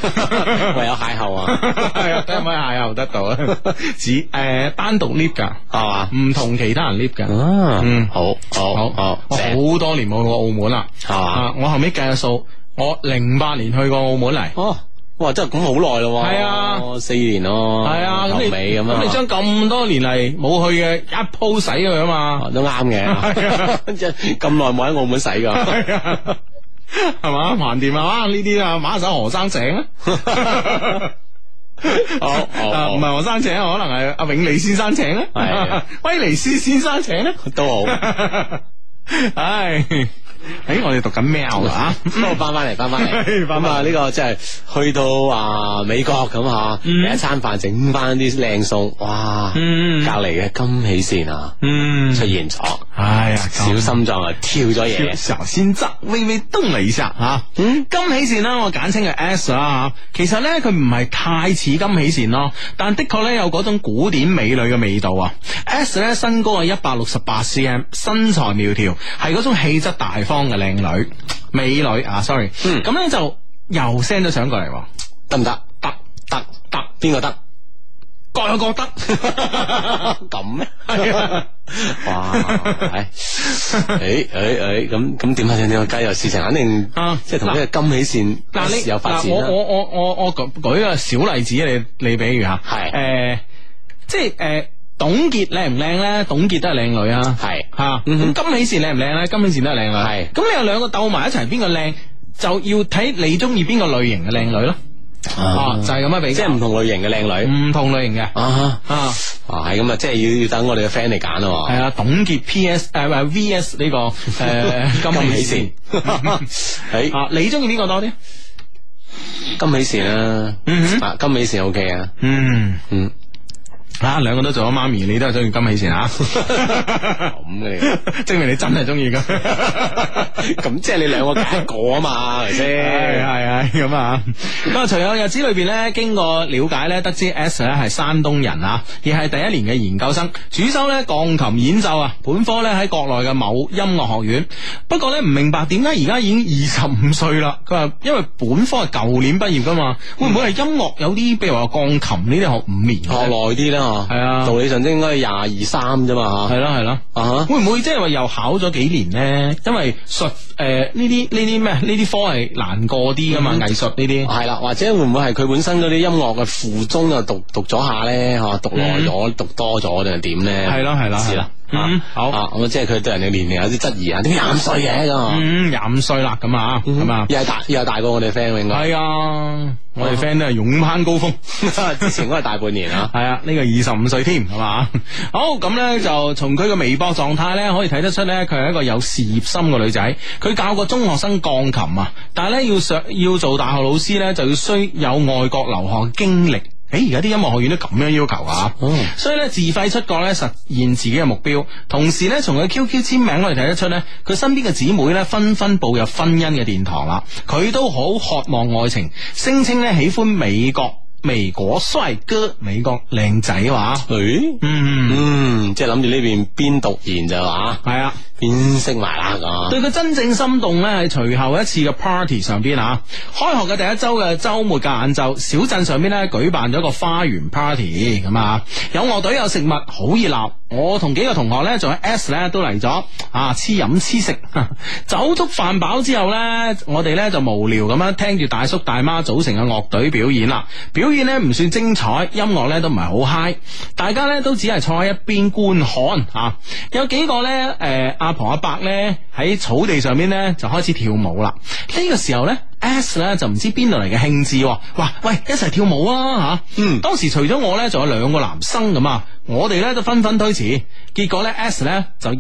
唯有邂逅啊，係啊，得唔得邂逅得到啊，只誒單獨 lift 噶，係嘛？唔同其他人 lift 嘅，嗯，好好好，我好多年冇去澳門啦，係嘛？我後尾計下數。我零八年去過澳門嚟，哦，哇，真係講好耐咯，係啊，四年咯，係啊，尾咁樣，咁你將咁多年嚟冇去嘅一鋪洗佢噶嘛，都啱嘅，咁耐冇喺澳門洗噶，係嘛，橫掂啊，呢啲啊，馬手何生請啊，哦，唔係何生請，可能係阿永利先生請咧，威尼斯先生請咧，都好，唉。誒、欸，我哋讀緊喵、 嗯，啊，咁我翻翻嚟，翻翻嚟，咁啊呢個即係去到啊美國咁吓，啊嗯、下一餐飯整翻啲靚餸，哇，隔籬嘅金喜善啊出現咗，哎呀，小心臟啊跳咗嘢，小心臟微微動嚟先吓，金喜、啊、善啦、啊，我簡稱佢 S 啦、啊、吓，其實咧佢唔係太似金喜善咯，但的確咧有嗰種古典美女嘅味道啊，S 咧身高係一百六十八 cm，身材苗條，係嗰種氣質大方。方嘅靚女、美女啊，sorry，咁樣就又 send 咗相過嚟，得唔得？得得得，邊個得？各有各得，咁咩？係啊，哇！誒誒誒，咁咁點解？點解？加油！事情肯定啊，即係同呢個金起線嘅事業發展。我我我我我舉舉個小例子，你你比喻吓，係誒，即係誒。董潔靚唔靚咧？董潔都係靚女啊，係吓。咁金喜善靚唔靚咧？金喜善都係靚女，係。咁你有兩個鬥埋一齊，邊個靚就要睇你中意邊個類型嘅靚女咯。哦，就係咁樣比，即係唔同類型嘅靚女。唔同類型嘅。啊啊。哦，係咁啊，即係要要等我哋嘅 friend 嚟揀咯。係啊，董潔 P.S. 誒唔係 V.S. 呢個誒金喜善。誒，你中意邊個多啲？金喜善啦。啊，金喜善 OK 啊。嗯嗯。啊！兩個都做咗媽咪，你都係中意金喜善啊？咁你證明你真係中意噶。咁即係你兩個夾過啊嘛，係咪先？係係啊，咁啊。咁啊，徐友日子裏邊咧，經過了解咧，得知 S 咧係山東人啊，亦係第一年嘅研究生，主修咧鋼琴演奏啊。本科咧喺國內嘅某音樂學院，不過咧唔明白點解而家已經二十五歲啦？佢話因為本科係舊年畢業噶嘛，會唔會係音樂有啲，譬如話鋼琴呢啲學五年學耐啲咧？係啊，道理上即應該係廿二三啫嘛，吓，係啦，係啦，啊，啊啊會唔會即係話又考咗幾年咧？因為術誒呢啲呢啲咩呢啲科係難過啲噶嘛，藝術呢啲係啦，或者會唔會係佢本身嗰啲音樂嘅附中啊？讀讀咗下咧？吓讀耐咗讀多咗定係點咧？係啦係啦，啦。啊、嗯、好啊，我即係佢對人哋年齡有啲質疑啊，點廿五歲嘅？咁啊廿五歲啦，咁啊咁啊又大，又大過我哋 friend 應該係啊，啊我哋 friend 都係勇攀高峰， 之前都係大半年啊係啊、這個、呢個二十五歲添係嘛。好咁咧就從佢嘅微博狀態咧可以睇得出咧，佢係一個有事業心嘅女仔，佢教過中學生鋼琴啊，但係咧要上要做大學老師咧就需要需有外國留學嘅經歷。誒，而家啲音樂學院都咁樣要求啊，oh. 所以咧自費出國咧實現自己嘅目標，同時咧從佢 QQ 簽名我哋睇得出咧，佢身邊嘅姊妹咧紛紛步入婚姻嘅殿堂啦，佢都好渴望愛情，聲稱咧喜歡美國。美國衰哥，美國靚仔嘛？誒，嗯嗯，嗯即係諗住呢邊邊讀研就話，係啊，邊識埋啦咁。對佢真正心動咧，係隨後一次嘅 party 上邊啊，開學嘅第一週嘅周末嘅晏晝，小鎮上邊咧舉辦咗一個花園 party 咁啊，有樂隊有食物，好熱鬧。我同幾個同學咧，仲喺 S 咧都嚟咗啊，黐飲黐食，酒足飯飽之後咧，我哋咧就無聊咁樣聽住大叔大媽組成嘅樂隊表演啦，表。呢邊咧唔算精彩，音樂咧都唔係好嗨，大家咧都只係坐喺一邊觀看吓、啊，有幾個咧誒阿婆阿伯咧喺草地上面咧就開始跳舞啦。呢、這個時候咧 S 咧就唔知邊度嚟嘅興致，話喂，一齊跳舞啊吓，嗯，當時除咗我咧，仲有兩個男生咁啊。我哋咧都紛紛推辭，結果咧 S 咧就一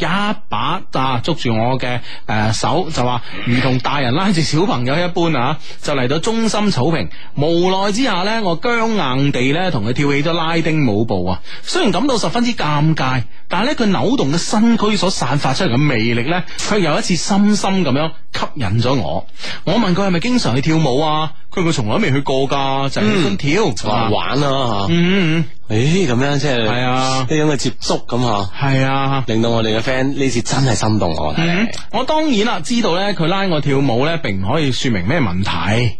把啊捉住我嘅、誒、呃、手，就話如同大人拉住小朋友一般啊，就嚟到中心草坪。無奈之下咧，我僵硬地咧同佢跳起咗拉丁舞步啊！雖然感到十分之尷尬，但係咧佢扭動嘅身軀所散發出嚟嘅魅力咧，佢又一次深深咁樣吸引咗我。我問佢係咪經常去跳舞啊？佢個從來未去過噶，嗯、就係跟跳玩啊。吓。誒，咁樣即係，呢種嘅接觸咁啊，係啊，令到我哋嘅 friend 呢次真係心動、嗯、我。嗯、是我當然啦，知道咧，佢拉我跳舞咧，並唔可以說明咩問題。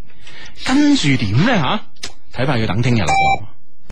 跟住點咧吓？睇怕要等聽日啦。